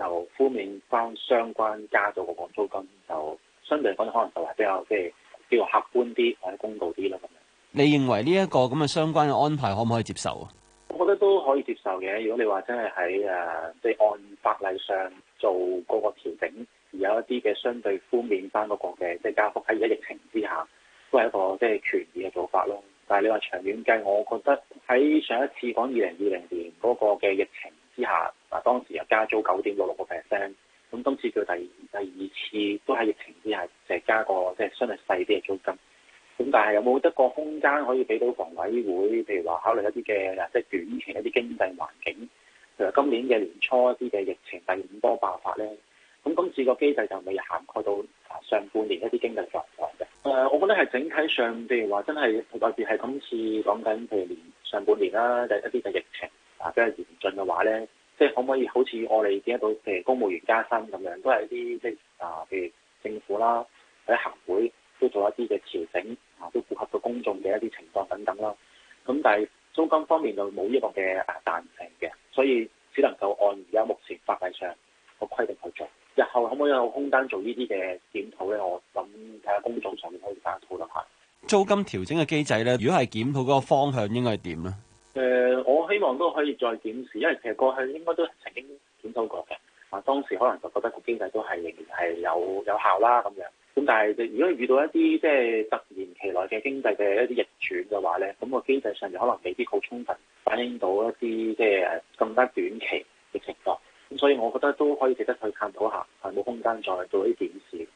就敷面翻相關加咗個租金，就相對嚟講，可能就係比較即係比較客觀啲或者公道啲啦。咁樣，你認為呢一個咁嘅相關嘅安排可唔可以接受啊？我覺得都可以接受嘅。如果你話真係喺誒，即係按法例上做嗰個調整，而有一啲嘅相對敷面翻嗰個嘅即係加幅喺而家疫情之下，都係一個即係權宜嘅做法咯。但係你話長遠計，我覺得喺上一次講二零二零年嗰個嘅疫情，之下，嗱當時又加租九點六六個 percent，咁今次叫第第二次都喺疫情之下，就加個即係相對細啲嘅租金。咁但係有冇得個空間可以俾到房委會？譬如話考慮一啲嘅，即係短期一啲經濟環境。譬如今年嘅年初一啲嘅疫情第五波爆發咧，咁今次個機制就未涵蓋到上半年一啲經濟狀況嘅。誒、呃，我覺得係整體上，譬如話真係，特別係今次講緊譬如年上半年啦，一啲嘅疫情。啊，比較嚴峻嘅話咧，即係可唔可以好似我哋見得到，譬如公務員加薪咁樣，都係啲即係啊，譬如政府啦，或者行會都做一啲嘅調整，啊，都符合到公眾嘅一啲情況等等啦。咁但係租金方面就冇呢一個嘅彈性嘅，所以只能夠按而家目前法例上個規定去做。日後可唔可以有空間做呢啲嘅檢討咧？我諗睇下公眾上面可以打討論下。租金調整嘅機制咧，如果係檢討嗰個方向，應該係點咧？誒，我希望都可以再檢視，因為其實過去應該都曾經檢討過嘅。啊，當時可能就覺得個經濟都係仍然係有有效啦咁樣。咁但係如果遇到一啲即係突然其來嘅經濟嘅一啲逆轉嘅話呢，咁、個經濟上面可能未必好充分反映到一啲即係更加短期嘅情況。咁所以我覺得都可以值得去探討下，係冇空間再做啲檢視。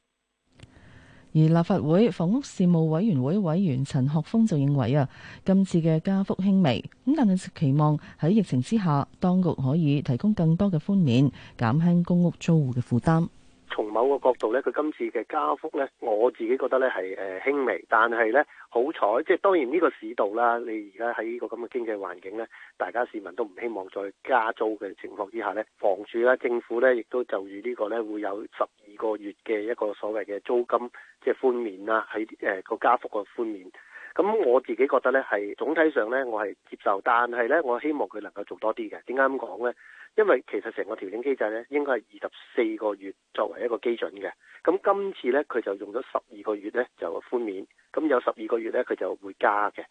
而立法會房屋事務委員會委員陳學鋒就認為啊，今次嘅加幅輕微，咁但係期望喺疫情之下，當局可以提供更多嘅寬免，減輕公屋租戶嘅負擔。從某個角度咧，佢今次嘅加幅咧，我自己覺得咧係誒輕微，但係咧好彩，即係當然呢個市道啦。你而家喺呢個咁嘅經濟環境咧，大家市民都唔希望再加租嘅情況之下咧，房署啦、政府咧，亦都就住呢個咧，會有十二個月嘅一個所謂嘅租金即係寬免啦，喺誒個加幅嘅寬免。咁我自己覺得呢，係總體上呢，我係接受，但係呢，我希望佢能夠做多啲嘅。點解咁講呢？因為其實成個調整機制呢，應該係二十四個月作為一個基準嘅。咁今次呢，佢就用咗十二個月呢，就寬免，咁有十二個月呢，佢就會加嘅。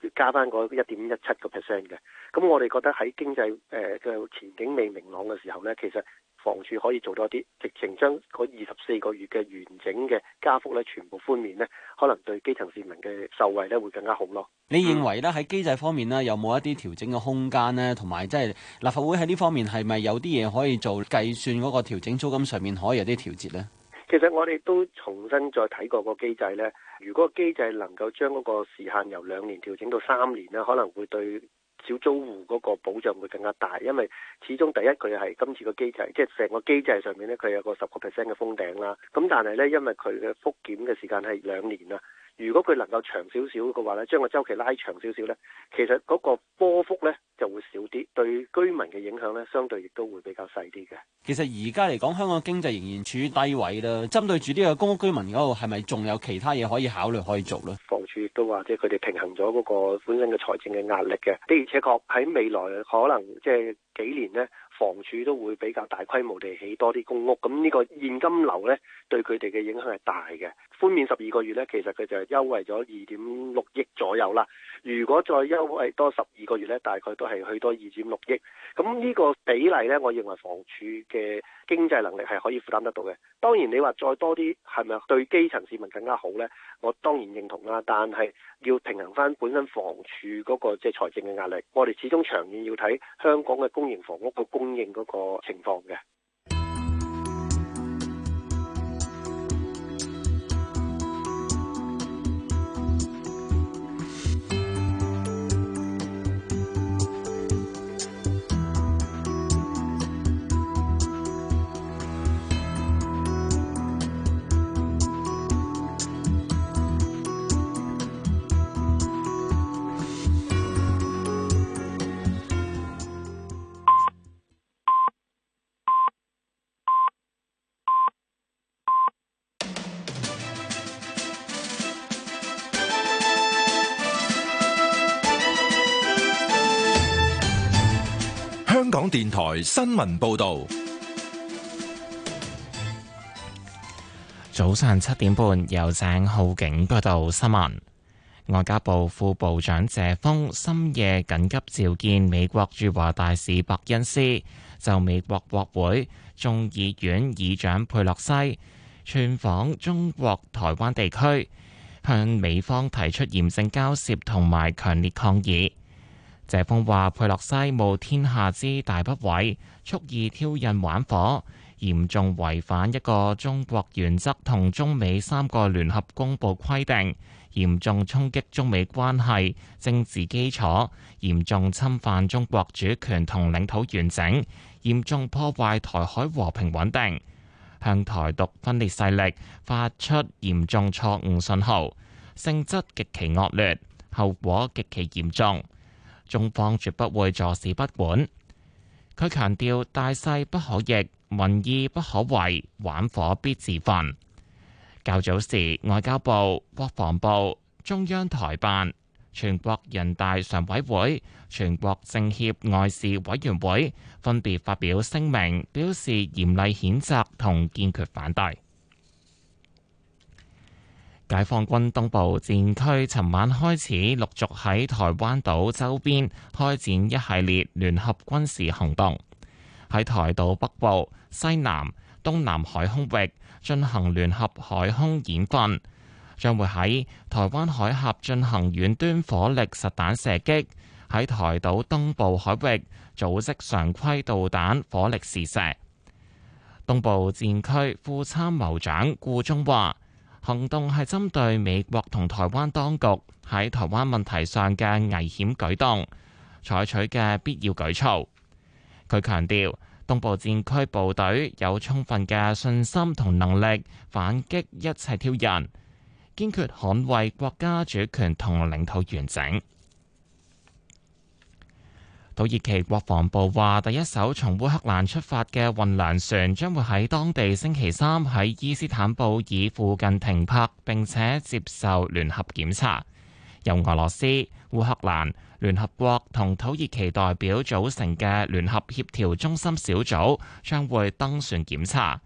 即加翻嗰一點一七個 percent 嘅，咁我哋覺得喺經濟誒嘅前景未明朗嘅時候咧，其實房署可以做多啲，直情將嗰二十四個月嘅完整嘅加幅咧，全部寬免咧，可能對基層市民嘅受惠咧會更加好咯。你認為咧喺機制方面呢，有冇一啲調整嘅空間咧？同埋即係立法會喺呢方面係咪有啲嘢可以做，計算嗰個調整租金上面可以有啲調節咧？其實我哋都重新再睇過個機制呢。如果機制能夠將嗰個時限由兩年調整到三年呢，可能會對小租戶嗰個保障會更加大，因為始終第一，佢係今次個機制，即係成個機制上面呢，佢有個十個 percent 嘅封頂啦。咁但係呢，因為佢嘅復檢嘅時間係兩年啦。如果佢能夠長少少嘅話咧，將個周期拉長少少咧，其實嗰個波幅咧就會少啲，對居民嘅影響咧，相對亦都會比較細啲嘅。其實而家嚟講，香港經濟仍然處於低位啦。針對住呢個公屋居民嗰度，係咪仲有其他嘢可以考慮可以做咧？房署亦都話，即係佢哋平衡咗嗰個本身嘅財政嘅壓力嘅，的而且確喺未來可能即係幾年咧。房署都會比較大規模地起多啲公屋，咁呢個現金流呢，對佢哋嘅影響係大嘅。寬免十二個月呢，其實佢就係優惠咗二點六億左右啦。如果再優惠多十二個月呢，大概都係去多二點六億。咁呢個比例呢，我認為房署嘅經濟能力係可以負擔得到嘅。當然你話再多啲係咪對基層市民更加好呢？我當然認同啦，但係要平衡翻本身房署嗰個即係財政嘅壓力，我哋始終長遠要睇香港嘅公營房屋嘅公。應嗰個情況嘅。電台新聞報道：早上七點半，由鄭浩景報道新聞。外交部副部長謝鋒深夜緊急召見美國駐華大使伯恩斯，就美國國會眾議院議長佩洛西竄訪中國台灣地區，向美方提出嚴正交涉同埋強烈抗議。謝峰話佩洛西冒天下之大不韙，蓄意挑釁玩火，嚴重違反一個中國原則同中美三個聯合公佈規定，嚴重衝擊中美關係政治基礎，嚴重侵犯中國主權同領土完整，嚴重破壞台海和平穩定，向台獨分裂勢力發出嚴重錯誤信號，性質極其惡劣，後果極其嚴重。中方絕不會坐視不管。佢強調：大勢不可逆，民意不可違，玩火必自焚。較早時，外交部、國防部、中央台辦、全國人大常委會、全國政協外事委員會分別發表聲明，表示嚴厲譴責同堅決反對。解放軍東部戰區尋晚開始陸續喺台灣島周邊開展一系列聯合軍事行動，喺台島北部、西南、東南海空域進行聯合海空演訓，將會喺台灣海峽進行遠端火力實彈射擊，喺台島東部海域組織常規導彈火力試射。東部戰區副參謀長顧中華。行動係針對美國同台灣當局喺台灣問題上嘅危險舉動，採取嘅必要舉措。佢強調，東部戰區部隊有充分嘅信心同能力反擊一切挑釁，堅決捍衛國家主權同領土完整。土耳其國防部話，第一艘從烏克蘭出發嘅運糧船將會喺當地星期三喺伊斯坦布爾附近停泊，並且接受聯合檢查。由俄羅斯、烏克蘭、聯合國同土耳其代表組成嘅聯合協調中心小組將會登船檢查。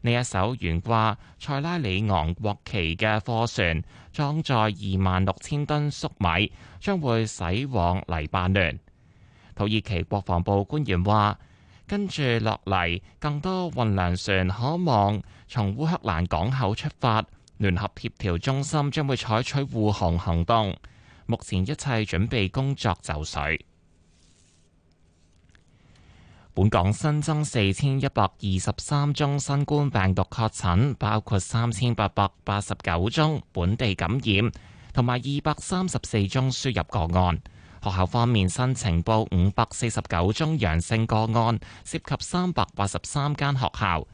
呢一艘懸掛塞拉里昂國旗嘅貨船，裝載二萬六千噸粟米，將會駛往黎巴嫩。土耳其國防部官員話，跟住落嚟，更多運糧船可望從烏克蘭港口出發。聯合協調中心將會採取護航行動。目前一切準備工作就緒。本港新增四千一百二十三宗新冠病毒確診，包括三千八百八十九宗本地感染，同埋二百三十四宗輸入個案。學校方面，申請報五百四十九宗陽性個案，涉及三百八十三間學校。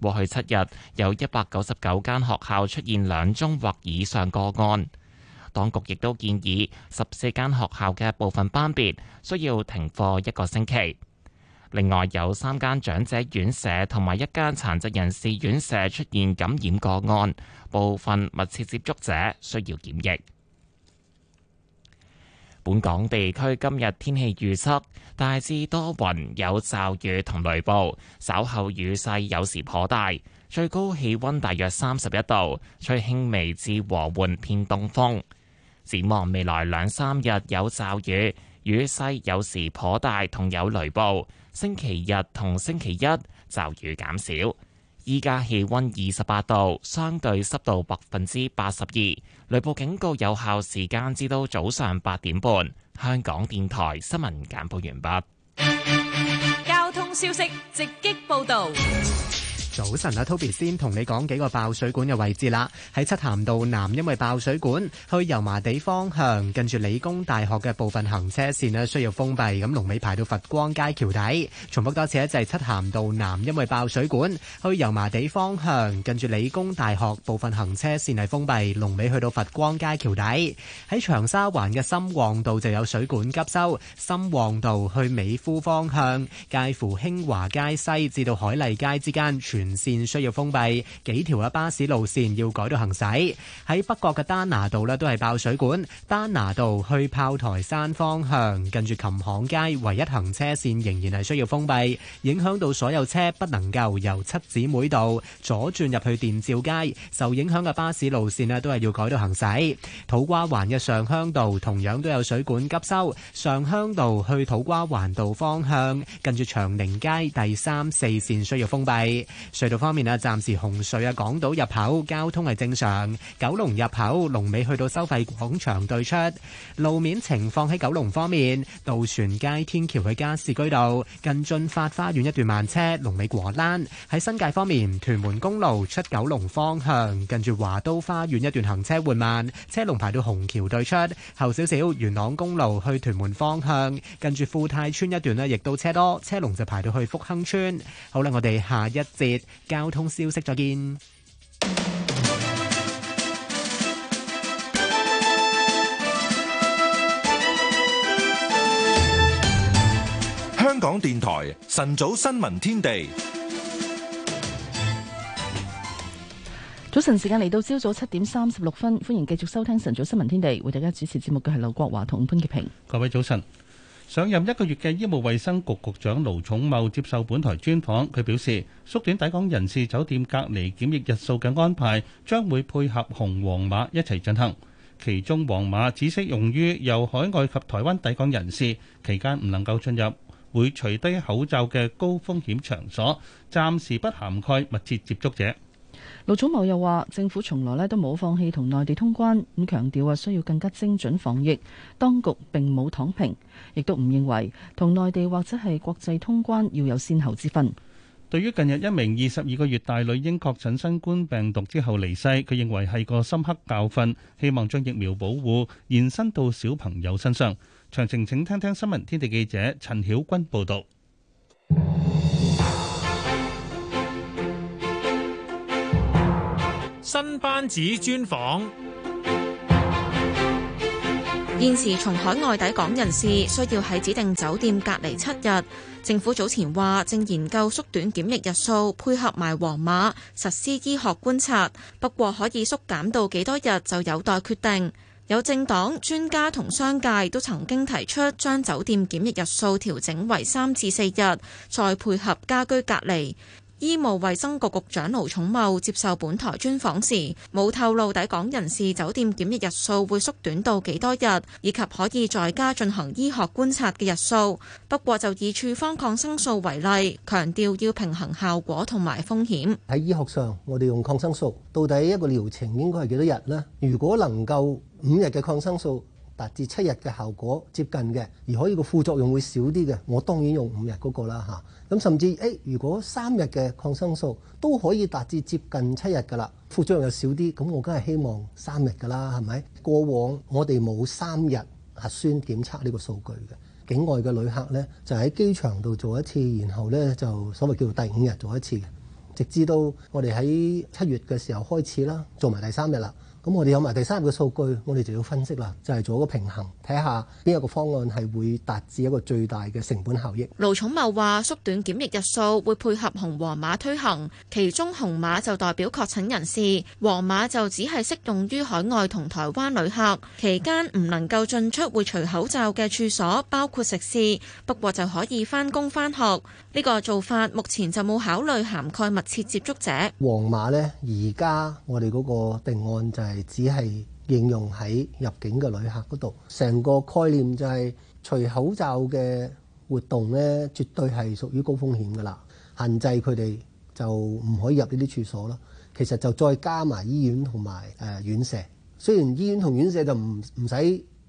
過去七日，有一百九十九間學校出現兩宗或以上個案。當局亦都建議十四間學校嘅部分班別需要停課一個星期。另外，有三間長者院舍同埋一間殘疾人士院舍出現感染個案，部分密切接觸者需要檢疫。本港地區今日天氣預測，大致多雲，有驟雨同雷暴，稍後雨勢有時頗大，最高氣溫大約三十一度，吹輕微至和緩偏東風。展望未來兩三日有驟雨，雨勢有時頗大，同有雷暴。星期日同星期一驟雨減少。依家氣溫二十八度，相對濕度百分之八十二。雷暴警告有效時間至到早上八點半。香港電台新聞簡報完畢，交通消息直擊報道。早晨啊，Toby 先同你講幾個爆水管嘅位置啦。喺漆咸道南，因為爆水管去油麻地方向，近住理工大學嘅部分行車線咧需要封閉。咁龍尾排到佛光街橋底。重複多次，就係、是、漆咸道南，因為爆水管去油麻地方向，近住理工大學部分行車線係封閉，龍尾去到佛光街橋底。喺長沙灣嘅深旺道就有水管急修，深旺道去美孚方向，介乎興華街西至到海麗街之間全線需要封閉，幾條嘅巴士路線要改到行駛。喺北角嘅丹拿道咧都係爆水管，丹拿道去炮台山方向，近住琴行街唯一行車線仍然係需要封閉，影響到所有車不能夠由七姊妹道左轉入去電照街。受影響嘅巴士路線咧都係要改到行駛。土瓜灣嘅上鄉道同樣都有水管急修，上鄉道去土瓜灣道方向，近住長寧街第三四線需要封閉。隧道方面啊，暫時紅隧啊，港島入口交通係正常。九龍入口龍尾去到收費廣場對出路面情況。喺九龍方面，渡船街天橋去加士居道近駿發花園一段慢車，龍尾果欄。喺新界方面，屯門公路出九龍方向近住華都花園一段行車緩慢，車龍排到紅橋對出後少少。元朗公路去屯門方向近住富泰邨一段咧，亦都車多，車龍就排到去福亨村。好啦，我哋下一節。交通消息，再見。香港電台晨早新聞天地，早晨時間嚟到朝早七點三十六分，歡迎繼續收聽晨早新聞天地，為大家主持節目嘅係劉國華同潘潔平。各位早晨。上任一個月嘅醫務衛生局局長盧寵茂接受本台專訪，佢表示縮短抵港人士酒店隔離檢疫日數嘅安排將會配合紅黃碼一齊進行，其中黃碼只適用於由海外及台灣抵港人士，期間唔能夠進入會除低口罩嘅高風險場所，暫時不涵蓋密切接觸者。盧祖茂又話：政府從來呢都冇放棄同內地通關，咁強調啊需要更加精準防疫，當局並冇躺平，亦都唔認為同內地或者係國際通關要有先後之分。對於近日一名二十二個月大女嬰確診新冠病毒之後離世，佢認為係個深刻教訓，希望將疫苗保護延伸到小朋友身上。詳情請聽聽新聞天地記者陳曉君報道。 新班子專訪。現時從海外抵港人士需要喺指定酒店隔離七日。政府早前話正研究縮短檢疫日數，配合埋黃碼實施醫學觀察。不過可以縮減到幾多日就有待決定。有政黨、專家同商界都曾經提出將酒店檢疫日數調整為三至四日，再配合家居隔離。醫務衛生局局長盧寵茂接受本台專訪時，冇透露抵港人士酒店檢疫日數會縮短到幾多日，以及可以在家進行醫學觀察嘅日數。不過就以處方抗生素為例，強調要平衡效果同埋風險。喺醫學上，我哋用抗生素到底一個療程應該係幾多日呢？如果能夠五日嘅抗生素。達至七日嘅效果接近嘅，而可以個副作用會少啲嘅，我當然用五日嗰個啦嚇。咁、啊、甚至誒、欸，如果三日嘅抗生素都可以達至接近七日噶啦，副作用又少啲，咁我梗係希望三日噶啦，係咪？過往我哋冇三日核酸檢測呢個數據嘅，境外嘅旅客呢，就喺機場度做一次，然後呢就所謂叫做第五日做一次嘅，直至到我哋喺七月嘅時候開始啦，做埋第三日啦。咁我哋有埋第三個數據，我哋就要分析啦，就係做一個平衡，睇下邊一個方案係會達至一個最大嘅成本效益。盧寵茂話：縮短檢疫日數會配合紅黃碼推行，其中紅碼就代表確診人士，黃碼就只係適用於海外同台灣旅客，期間唔能夠進出會除口罩嘅處所，包括食肆，不過就可以翻工翻學。呢個做法目前就冇考慮涵蓋密切接觸者。皇馬呢，而家我哋嗰個定案就係只係應用喺入境嘅旅客嗰度。成個概念就係、是、除口罩嘅活動呢，絕對係屬於高風險㗎喇，限制佢哋就唔可以入呢啲處所囉。其實就再加埋醫院同埋誒院舍，雖然醫院同院舍就唔唔使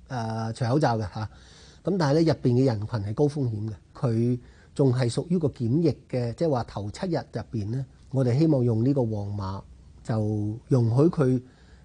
誒除口罩㗎吓，咁、啊、但係咧入面嘅人群係高風險㗎佢。仲係屬於個檢疫嘅，即係話頭七日入邊呢，我哋希望用呢個黃碼就容許佢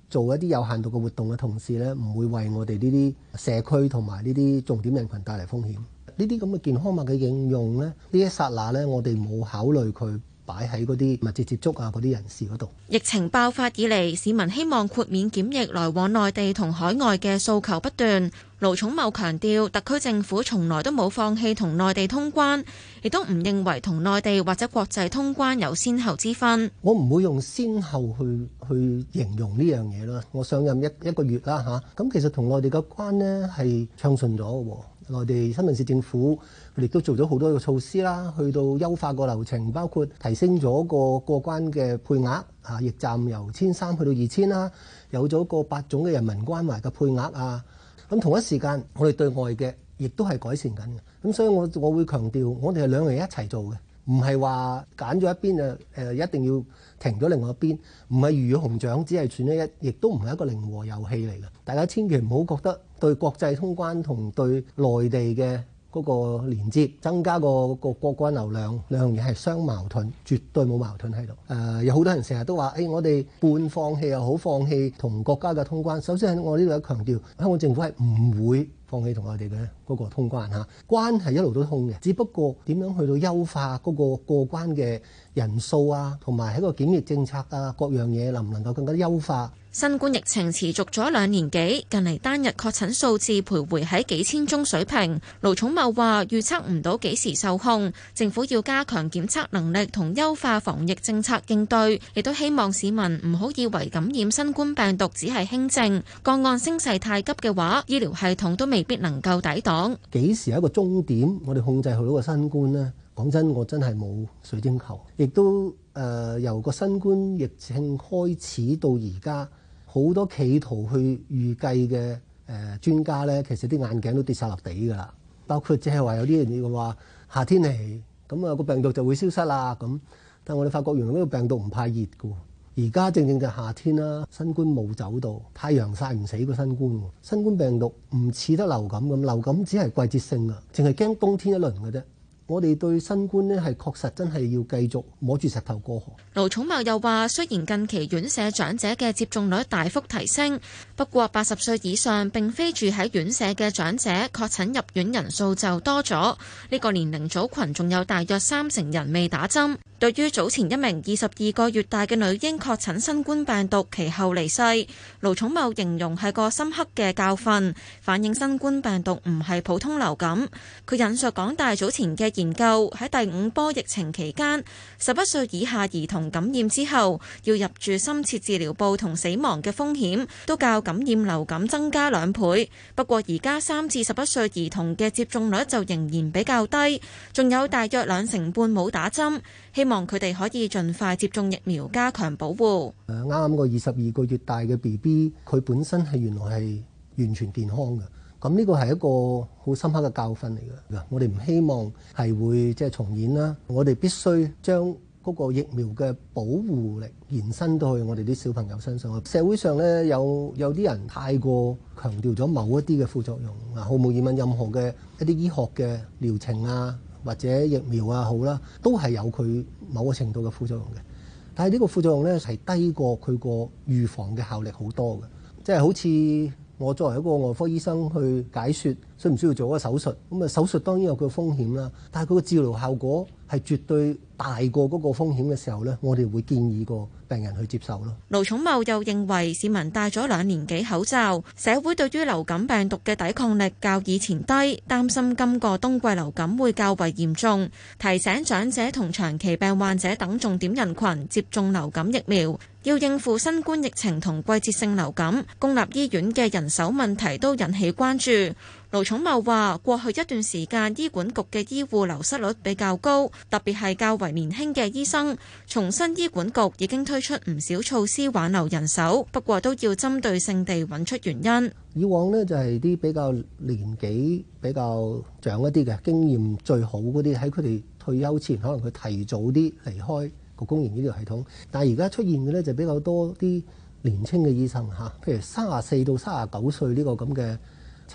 做一啲有限度嘅活動嘅同時呢，唔會為我哋呢啲社區同埋呢啲重點人群帶嚟風險。呢啲咁嘅健康碼嘅應用呢，呢一剎那呢，我哋冇考慮佢。擺喺嗰啲密切接觸啊，嗰啲人士嗰度。疫情爆發以嚟，市民希望豁免檢疫來往內地同海外嘅訴求不斷。盧寵茂強調，特區政府從來都冇放棄同內地通關，亦都唔認為同內地或者國際通關有先後之分。我唔會用先後去去形容呢樣嘢咯。我上任一一個月啦嚇，咁、啊、其實同內地嘅關呢，係暢順咗喎。內地新聞市政府。亦都做咗好多嘅措施啦，去到優化個流程，包括提升咗個過關嘅配額啊，驛站由千三去到二千啦，有咗個八種嘅人民關懷嘅配額啊。咁同一時間，我哋對外嘅亦都係改善緊嘅。咁所以我我會強調，我哋係兩個人一齊做嘅，唔係話揀咗一邊啊，誒一定要停咗另外一邊，唔係魚與熊掌，只係選咗一，亦都唔係一個零和遊戲嚟嘅。大家千祈唔好覺得對國際通關同對內地嘅。嗰個連接增加個個過關流量，兩樣嘢係相矛盾，絕對冇矛盾喺度。誒，有好多人成日都話，誒，我哋半放棄又好放棄同國家嘅通關。首先，喺我呢度強調，香港政府係唔會放棄同我哋嘅嗰個通關嚇，關係一路都通嘅。只不過點樣去到優化嗰個過關嘅人數啊，同埋喺個檢疫政策啊，各樣嘢能唔能夠更加優化？新冠疫情持續咗兩年幾，近嚟，單日確診數字徘徊喺幾千宗水平。盧寵茂話，預測唔到幾時受控，政府要加強檢測能力同優化防疫政策應對，亦都希望市民唔好以為感染新冠病毒只係輕症。個案升勢太急嘅話，醫療系統都未必能夠抵擋。幾時，一個終點，我哋控制好個新冠咧。講真，我真係冇水晶球。亦都誒、呃、由個新冠疫情開始到而家。好多企圖去預計嘅誒專家咧，其實啲眼鏡都跌晒落地㗎啦。包括即係話有啲人要話夏天嚟，咁、那、啊個病毒就會消失啦咁。但係我哋發覺原來呢個病毒唔怕熱嘅。而家正正就夏天啦，新冠冇走到，太陽曬唔死個新冠喎。新冠病毒唔似得流感咁，流感只係季節性啊，淨係驚冬天一輪嘅啫。我哋對新冠呢係確實真係要繼續摸住石頭過河。盧寵茂又話：雖然近期院舍長者嘅接種率大幅提升，不過八十歲以上並非住喺院舍嘅長者確診入院人數就多咗。呢個年齡組羣仲有大約三成人未打針。對於早前一名二十二個月大嘅女嬰確診新冠病毒，其後離世，盧寵茂形容係個深刻嘅教訓，反映新冠病毒唔係普通流感。佢引述港大早前嘅。研究喺第五波疫情期間，十一歲以下兒童感染之後，要入住深切治療部同死亡嘅風險都較感染流感增加兩倍。不過而家三至十一歲兒童嘅接種率就仍然比較低，仲有大約兩成半冇打針，希望佢哋可以盡快接種疫苗，加強保護。啱啱個二十二個月大嘅 B B，佢本身係原來係完全健康嘅。咁呢個係一個好深刻嘅教訓嚟嘅，我哋唔希望係會即係重演啦。我哋必須將嗰個疫苗嘅保護力延伸到去我哋啲小朋友身上。社會上呢，有有啲人太過強調咗某一啲嘅副作用，毫無疑問，任何嘅一啲醫學嘅療程啊，或者疫苗啊，好啦，啊，都係有佢某個程度嘅副作用嘅。但係呢個副作用呢，係低過佢個預防嘅效力好多嘅，即係好似。我作為一個外科醫生去解說。需唔需要做嗰個手術，咁啊，手術當然有佢嘅風險啦，但係佢個治療效果係絕對大過嗰個風險嘅時候咧，我哋會建議個病人去接受咯。盧寵茂又認為市民戴咗兩年幾口罩，社會對於流感病毒嘅抵抗力較以前低，擔心今個冬季流感會較為嚴重。提醒長者同長期病患者等重點人群接種流感疫苗。要應付新冠疫情同季節性流感，公立醫院嘅人手問題都引起關注。盧寵茂話：過去一段時間，醫管局嘅醫護流失率比較高，特別係較為年輕嘅醫生。重新醫管局已經推出唔少措施挽留人手，不過都要針對性地揾出原因。以往呢，就係、是、啲比較年紀比較長一啲嘅經驗最好嗰啲，喺佢哋退休前可能佢提早啲離開個公營醫療系統。但係而家出現嘅呢，就是、比較多啲年輕嘅醫生吓、啊，譬如三十四到三十九歲呢個咁嘅。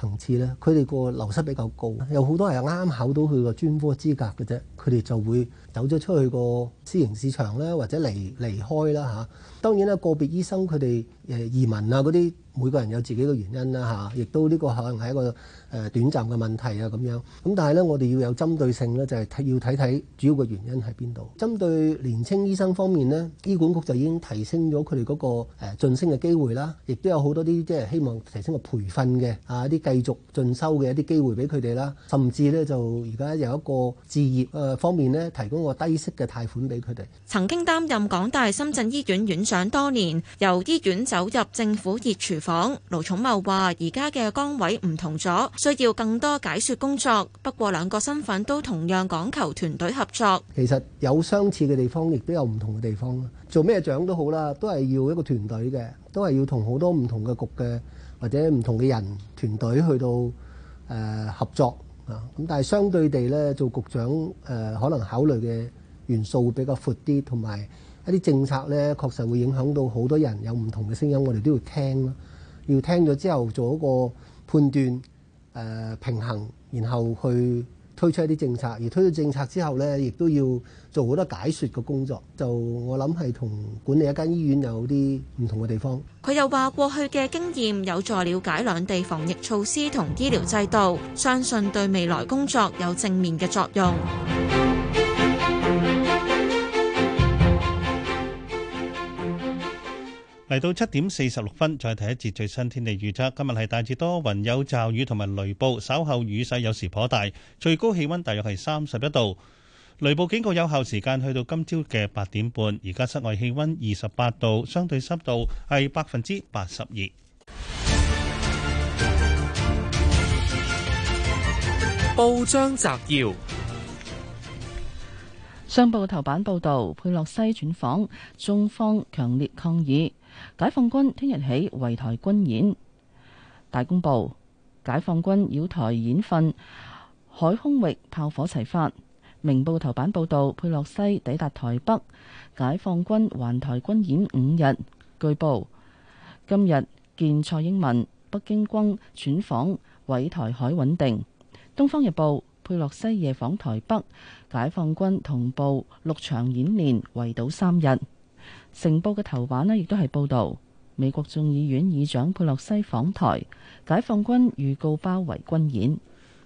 層次咧，佢哋個流失比較高，有好多係啱啱考到佢個專科資格嘅啫，佢哋就會走咗出去個私營市場咧，或者離離開啦吓、啊。當然啦、啊，個別醫生佢哋誒移民啊嗰啲，每個人有自己嘅原因啦、啊、吓，亦、啊、都呢個可能係一個。誒短暫嘅問題啊咁樣，咁但係呢，我哋要有針對性呢，就係睇要睇睇主要嘅原因喺邊度。針對年青醫生方面呢，醫管局就已經提升咗佢哋嗰個誒晉升嘅機會啦，亦都有好多啲即係希望提升個培訓嘅啊，一啲繼續進修嘅一啲機會俾佢哋啦，甚至呢，就而家有一個置業誒方面呢，提供個低息嘅貸款俾佢哋。曾經擔任港大深圳醫院院長多年，由醫院走入政府熱廚房，盧寵茂話：而家嘅崗位唔同咗。需要更多解説工作，不過兩個身份都同樣講求團隊合作。其實有相似嘅地方，亦都有唔同嘅地方咯。做咩長都好啦，都係要一個團隊嘅，都係要同好多唔同嘅局嘅或者唔同嘅人團隊去到誒合作啊。咁但係相對地咧，做局長誒，可能考慮嘅元素會比較闊啲，同埋一啲政策咧，確實會影響到好多人，有唔同嘅聲音，我哋都要聽咯。要聽咗之後，做一個判斷。誒平衡，然後去推出一啲政策，而推出政策之後呢，亦都要做好多解說嘅工作。就我諗係同管理一間醫院有啲唔同嘅地方。佢又話：過去嘅經驗有助了解兩地防疫措施同醫療制度，相信對未來工作有正面嘅作用。嚟到七點四十六分，再睇一節最新天氣預測。今日係大致多雲有驟雨同埋雷暴，稍後雨勢有時頗大，最高氣溫大約係三十一度。雷暴警告有效時間去到今朝嘅八點半。而家室外氣温二十八度，相對濕度係百分之八十二。報章摘要，商報頭版報道，佩洛西轉訪，中方強烈抗議。解放軍聽日起圍台軍演。大公報，解放軍繞台演訓，海空域炮火齊發。明報頭版報道，佩洛西抵達台北，解放軍環台軍演五日，據報今日見蔡英文，北京軍竄訪，圍台海穩定。東方日報佩洛西夜訪台北，解放軍同步六場演練圍島三日。《成報》嘅頭版呢，亦都係報道美國眾議院議長佩洛西訪台，解放軍預告包圍軍演。《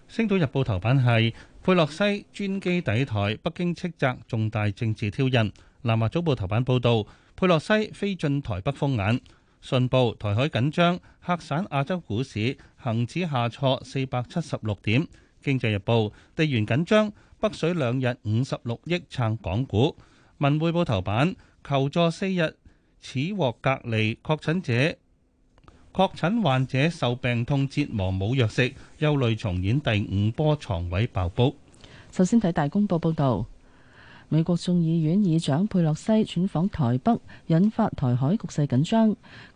星島日報》頭版係佩洛西專機抵台，北京斥責重大政治挑釁。《南華早報》頭版報道佩洛西飛進台北風眼。《信報》台海緊張，嚇散亞洲股市，恒指下挫四百七十六點。《經濟日報》地緣緊張，北水兩日五十六億撐港股。《文匯報》頭版。求助四日始獲隔離，確診者確診患者受病痛折磨冇藥食，憂慮重演第五波床位爆煲。首先睇大公報報道。美國眾議院議長佩洛西轉訪台北，引發台海局勢緊張。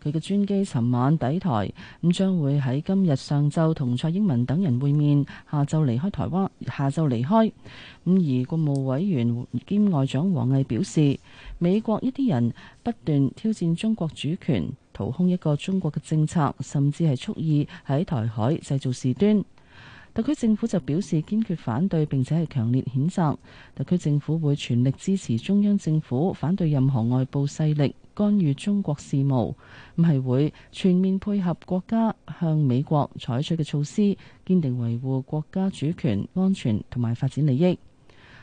佢嘅專機尋晚抵台，咁將會喺今日上晝同蔡英文等人會面，下晝離開台灣。下晝離開。咁而國務委員兼外長王毅表示，美國一啲人不斷挑戰中國主權，掏空一個中國嘅政策，甚至係蓄意喺台海製造事端。特區政府就表示堅決反對，並且係強烈譴責。特區政府會全力支持中央政府反對任何外部勢力干預中國事務，咁係會全面配合國家向美國採取嘅措施，堅定維護國家主權、安全同埋發展利益。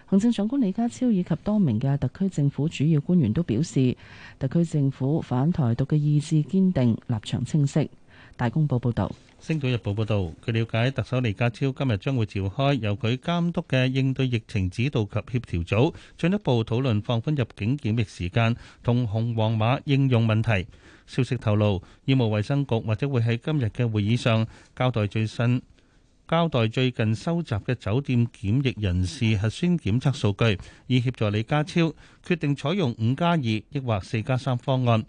行政長官李家超以及多名嘅特區政府主要官員都表示，特區政府反台獨嘅意志堅定，立場清晰。大公報報道。星島日報報道，據了解，特首李家超今日將會召開由佢監督嘅應對疫情指導及協調組，進一步討論放寬入境檢疫時間同紅黃碼應用問題。消息透露，醫務衛生局或者會喺今日嘅會議上交代最新，交代最近收集嘅酒店檢疫人士核酸檢測數據，以協助李家超決定採用五加二抑或四加三方案。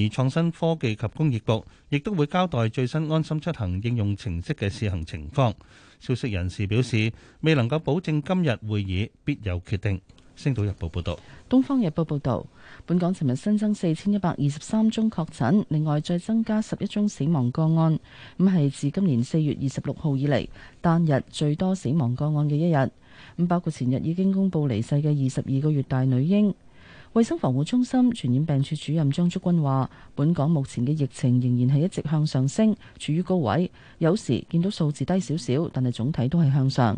而創新科技及工業局亦都會交代最新安心出行應用程式嘅試行情況。消息人士表示，未能夠保證今日會議必有決定。星島日報報道，東方日報報道，本港尋日新增四千一百二十三宗確診，另外再增加十一宗死亡個案，咁係自今年四月二十六號以嚟單日最多死亡個案嘅一日。咁包括前日已經公布離世嘅二十二個月大女嬰。衛生防護中心傳染病處主任張竹君話，本港目前嘅疫情仍然係一直向上升，處於高位。有時見到數字低少少，但係總體都係向上。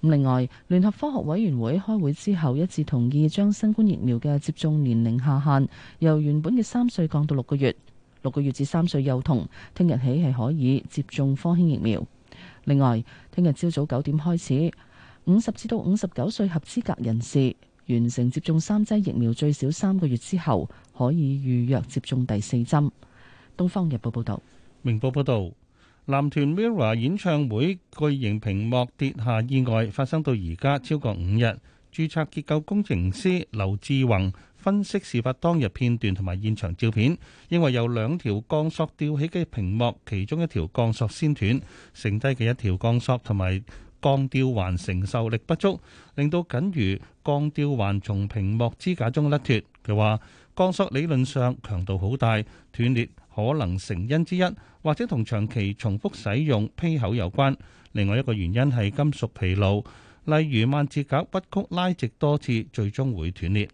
另外，聯合科學委員會開會之後一致同意，將新冠疫苗嘅接種年齡下限由原本嘅三歲降到六個月，六個月至三歲幼童聽日起係可以接種科興疫苗。另外，聽日朝早九點開始，五十至到五十九歲合資格人士。完成接種三劑疫苗最少三個月之後，可以預約接種第四針。《東方日報》報道。《明報》報道，男團 Mira 演唱會巨型屏幕跌下意外，發生到而家超過五日。註冊結構工程師劉志宏分析事發當日片段同埋現場照片，認為由兩條鋼索吊起嘅屏幕，其中一條鋼索先斷，剩低嘅一條鋼索同埋，鋼吊環承受力不足，令到僅餘鋼吊環從屏幕支架中甩脫。佢話：鋼索理論上強度好大，斷裂可能成因之一，或者同長期重複使用披口有關。另外一個原因係金屬疲勞，例如萬字夾屈曲拉直多次，最終會斷裂。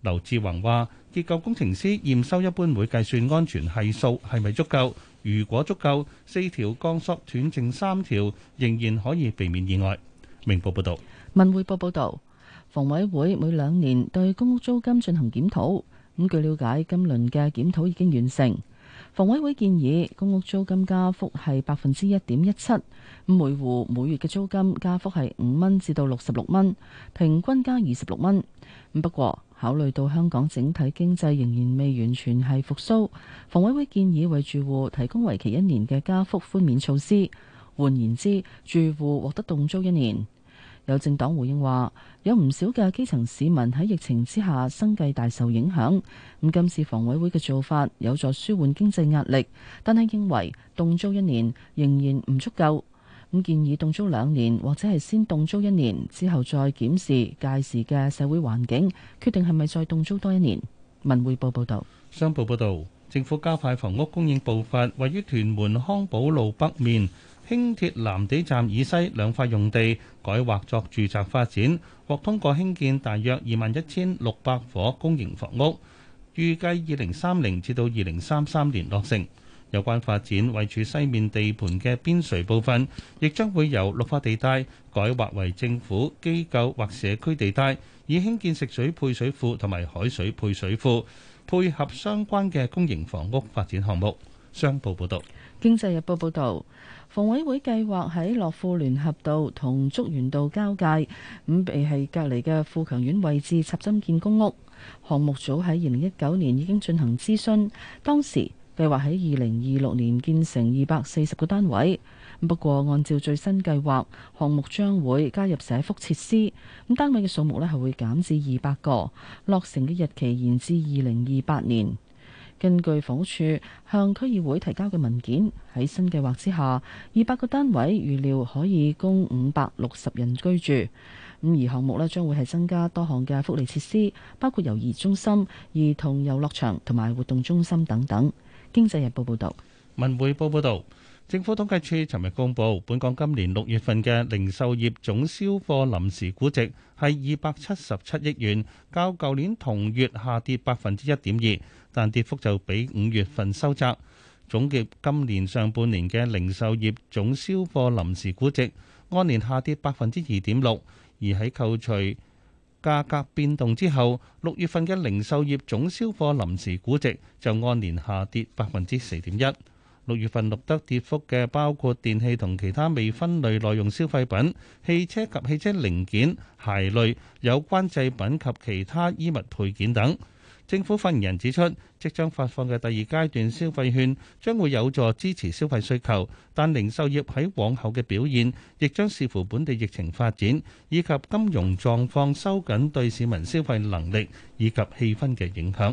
劉志宏話：結構工程師驗收一般會計算安全係數，係咪足夠？如果足夠四條鋼索斷剩三條，仍然可以避免意外。明報報道。文匯報報道，房委會每兩年對公屋租金進行檢討。咁據了解，今輪嘅檢討已經完成。房委會建議公屋租金加幅係百分之一點一七，每戶每月嘅租金加幅係五蚊至到六十六蚊，平均加二十六蚊。不過考慮到香港整體經濟仍然未完全係復甦，房委會建議為住戶提供為期一年嘅加幅寬免措施，換言之，住戶獲得凍租一年。有政黨回應話，有唔少嘅基層市民喺疫情之下生計大受影響，咁今次房委會嘅做法有助舒緩經濟壓力，但係認為凍租一年仍然唔足夠。建議凍租兩年，或者係先凍租一年之後再檢視屆時嘅社會環境，決定係咪再凍租多一年。文匯報報道，商報報道，政府加快房屋供應步伐。位於屯門康寶路北面、輕鐵藍地站以西兩塊用地改劃作住宅發展，獲通過興建大約二萬一千六百伙公營房屋，預計二零三零至到二零三三年落成。有關發展位處西面地盤嘅邊陲部分，亦將會由綠化地帶改劃為政府機構或社區地帶，以興建食水配水庫同埋海水配水庫，配合相關嘅公營房屋發展項目。商報報道，《經濟日報》報道，房委會計劃喺樂富聯合道同竹園道交界，咁被係隔籬嘅富強苑位置插針建公屋項目組喺二零一九年已經進行諮詢，當時。計劃喺二零二六年建成二百四十個單位。不過，按照最新計劃，項目將會加入社福設施，咁單位嘅數目呢係會減至二百個，落成嘅日期延至二零二八年。根據房署向區議會提交嘅文件，喺新計劃之下，二百個單位預料可以供五百六十人居住。咁而項目呢將會係增加多項嘅福利設施，包括幼兒中心、兒童遊樂場同埋活動中心等等。經濟日報報道，文匯報報道，政府統計處尋日公布，本港今年六月份嘅零售業總銷貨臨時估值係二百七十七億元，較舊年同月下跌百分之一點二，但跌幅就比五月份收窄。總結今年上半年嘅零售業總銷貨臨時估值，按年下跌百分之二點六，而喺扣除價格變動之後，六月份嘅零售業總銷貨臨時估值就按年下跌百分之四點一。六月份錄得跌幅嘅包括電器同其他未分類耐用消費品、汽車及汽車零件、鞋類、有關製品及其他衣物配件等。政府發言人指出，即將發放嘅第二階段消費券，將會有助支持消費需求，但零售業喺往後嘅表現，亦將視乎本地疫情發展以及金融狀況收緊對市民消費能力以及氣氛嘅影響。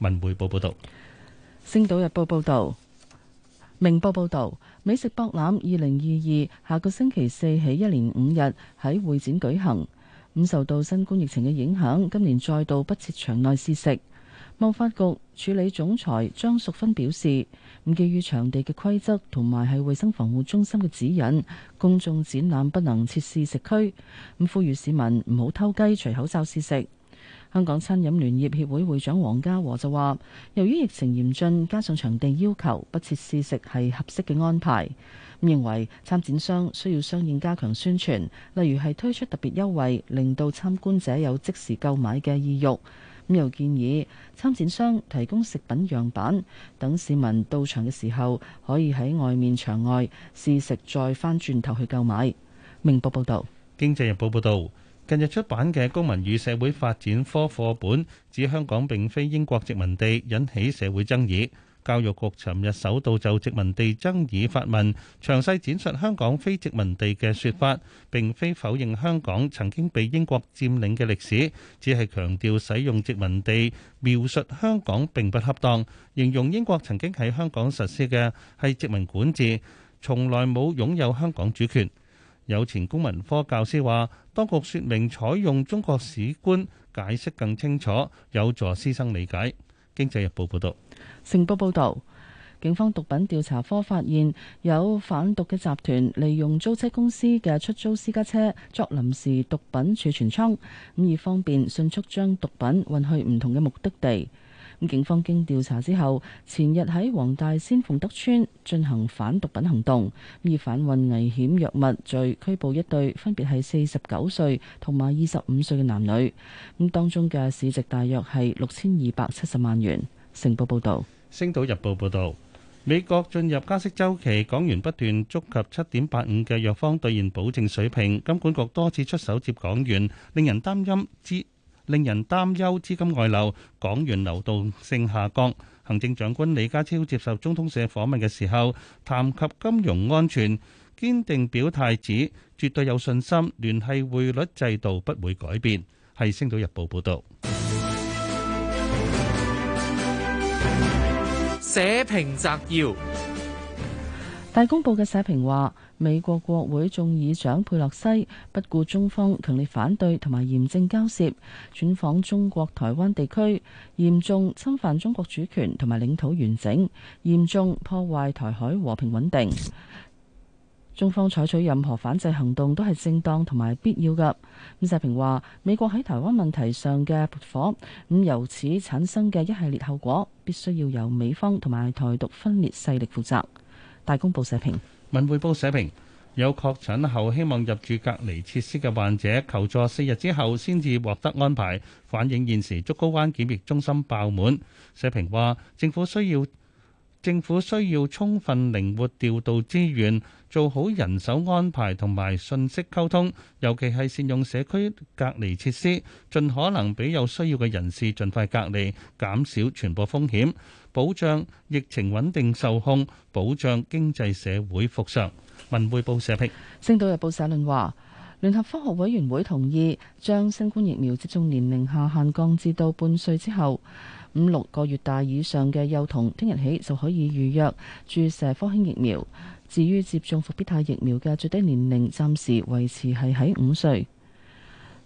文匯報報道，星島日報報道，明報報道，美食博覽二零二二下個星期四起一連五日喺會展舉行。咁受到新冠疫情嘅影響，今年再度不設場內試食。貿發局處理總裁張淑芬表示：咁基於場地嘅規則同埋係衞生防護中心嘅指引，公眾展覽不能設試食區。咁呼籲市民唔好偷雞除口罩試食。香港餐飲聯業協會會長王家和就話：由於疫情嚴峻，加上場地要求不設試食係合適嘅安排。咁認為參展商需要相應加強宣傳，例如係推出特別優惠，令到參觀者有即時購買嘅意欲。咁又建議參展商提供食品樣板，等市民到場嘅時候可以喺外面場外試食，再返轉頭去購買。明報報道，《經濟日報》報道，近日出版嘅《公民與社會發展科》課本指香港並非英國殖民地，引起社會爭議。教育局尋日首度就殖民地爭議發文，詳細展述香港非殖民地嘅說法，並非否認香港曾經被英國佔領嘅歷史，只係強調使用殖民地描述香港並不恰當，形容英國曾經喺香港實施嘅係殖民管治，從來冇擁有香港主權。有前公民科教師話，當局說明採用中國史觀解釋更清楚，有助師生理解。經濟日報報導。成報報導，警方毒品調查科發現有販毒嘅集團利用租車公司嘅出租私家車作臨時毒品儲存倉，咁以方便迅速將毒品運去唔同嘅目的地。咁警方經調查之後，前日喺黃大仙鳳德村進行反毒品行動，以販運危險藥物罪拘捕一對，分別係四十九歲同埋二十五歲嘅男女。咁當中嘅市值大約係六千二百七十萬元。成報報導。《星島日報》報導，美國進入加息週期，港元不斷觸及七點八五嘅弱方兌現保證水平，金管局多次出手接港元，令人擔憂資金外流，港元流動性下降。行政長官李家超接受中通社訪問嘅時候，談及金融安全，堅定表態指絕對有信心，聯繫匯率制度不會改變。係《星島日報》報導。社評摘要：大公報嘅社評話，美國國會眾議長佩洛西不顧中方強烈反對同埋嚴正交涉，竄訪中國台灣地區，嚴重侵犯中國主權同埋領土完整，嚴重破壞台海和平穩定。中方採取任何反制行動都係正當同埋必要嘅。咁社評話，美國喺台灣問題上嘅撥火，咁由此產生嘅一系列後果，必須要由美方同埋台獨分裂勢力負責。大公報社評、文匯報社評，有確診後希望入住隔離設施嘅患者，求助四日之後先至獲得安排，反映現時竹篙灣檢疫中心爆滿。社評話，政府需要。政府需要充分靈活調度資源，做好人手安排同埋信息溝通，尤其係善用社區隔離設施，盡可能俾有需要嘅人士盡快隔離，減少傳播風險，保障疫情穩定受控，保障經濟社會復常。文匯報社評，星島日報社論話：聯合科學委員會同意將新冠疫苗接種年齡下限降至到半歲之後。五六個月大以上嘅幼童，聽日起就可以預約注射科興疫苗。至於接種復必泰疫苗嘅最低年齡，暫時維持係喺五歲。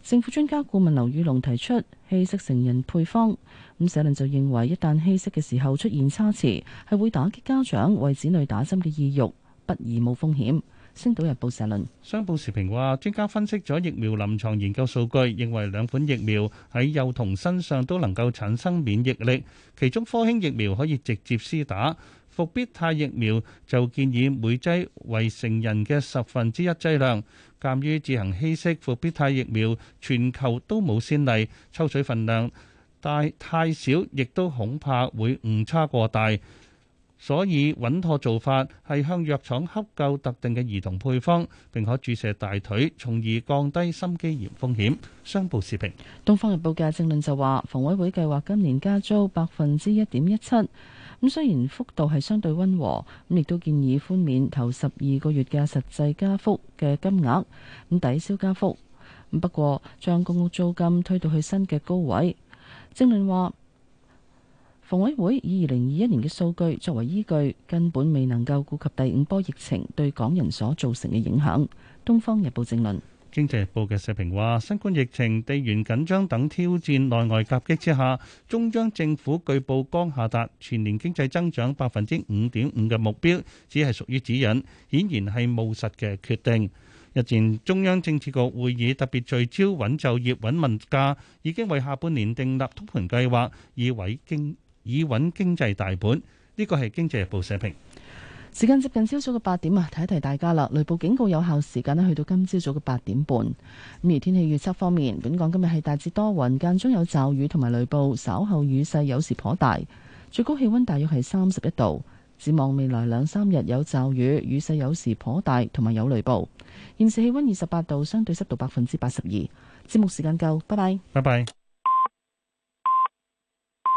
政府專家顧問劉宇龍提出稀釋成人配方，咁社論就認為一旦稀釋嘅時候出現差池，係會打擊家長為子女打針嘅意欲，不宜冇風險。《星島日報》社論，商報時評話，專家分析咗疫苗臨床研究數據，認為兩款疫苗喺幼童身上都能夠產生免疫力。其中科興疫苗可以直接施打，復必泰疫苗就建議每劑為成人嘅十分之一劑量。鑒於自行稀釋復必泰疫苗，全球都冇先例，抽水分量但太少，亦都恐怕會誤差過大。所以穩妥做法係向藥廠洽購特定嘅兒童配方，並可注射大腿，從而降低心肌炎風險，商報時評。東方日報嘅政論就話，房委會計劃今年加租百分之一點一七，咁雖然幅度係相對溫和，咁亦都建議寬免頭十二個月嘅實際加幅嘅金額，咁抵消加幅。不過將公屋租金推到去新嘅高位。政論話。防委會以二零二一年嘅數據作為依據，根本未能夠顧及第五波疫情對港人所造成嘅影響。《東方日報》正論，《經濟日報》嘅社評話，新冠疫情、地緣緊張等挑戰，內外夾擊之下，中央政府據報剛下達全年經濟增長百分之五點五嘅目標，只係屬於指引，顯然係務實嘅決定。日前中央政治局會議特別聚焦穩就業、穩物價，已經為下半年訂立通盤計劃，以穩經以穩經濟大盤，呢個係《經濟日報》社評。時間接近朝早嘅八點啊，提一提大家啦。雷暴警告有效時間咧，去到今朝早嘅八點半。咁而天氣預測方面，本港今日係大致多雲，間中有驟雨同埋雷暴，稍後雨勢有時頗大。最高氣溫大約係三十一度。展望未來兩三日有驟雨，雨勢有時頗大，同埋有雷暴。現時氣溫二十八度，相對濕度百分之八十二。節目時間夠，拜拜，拜拜。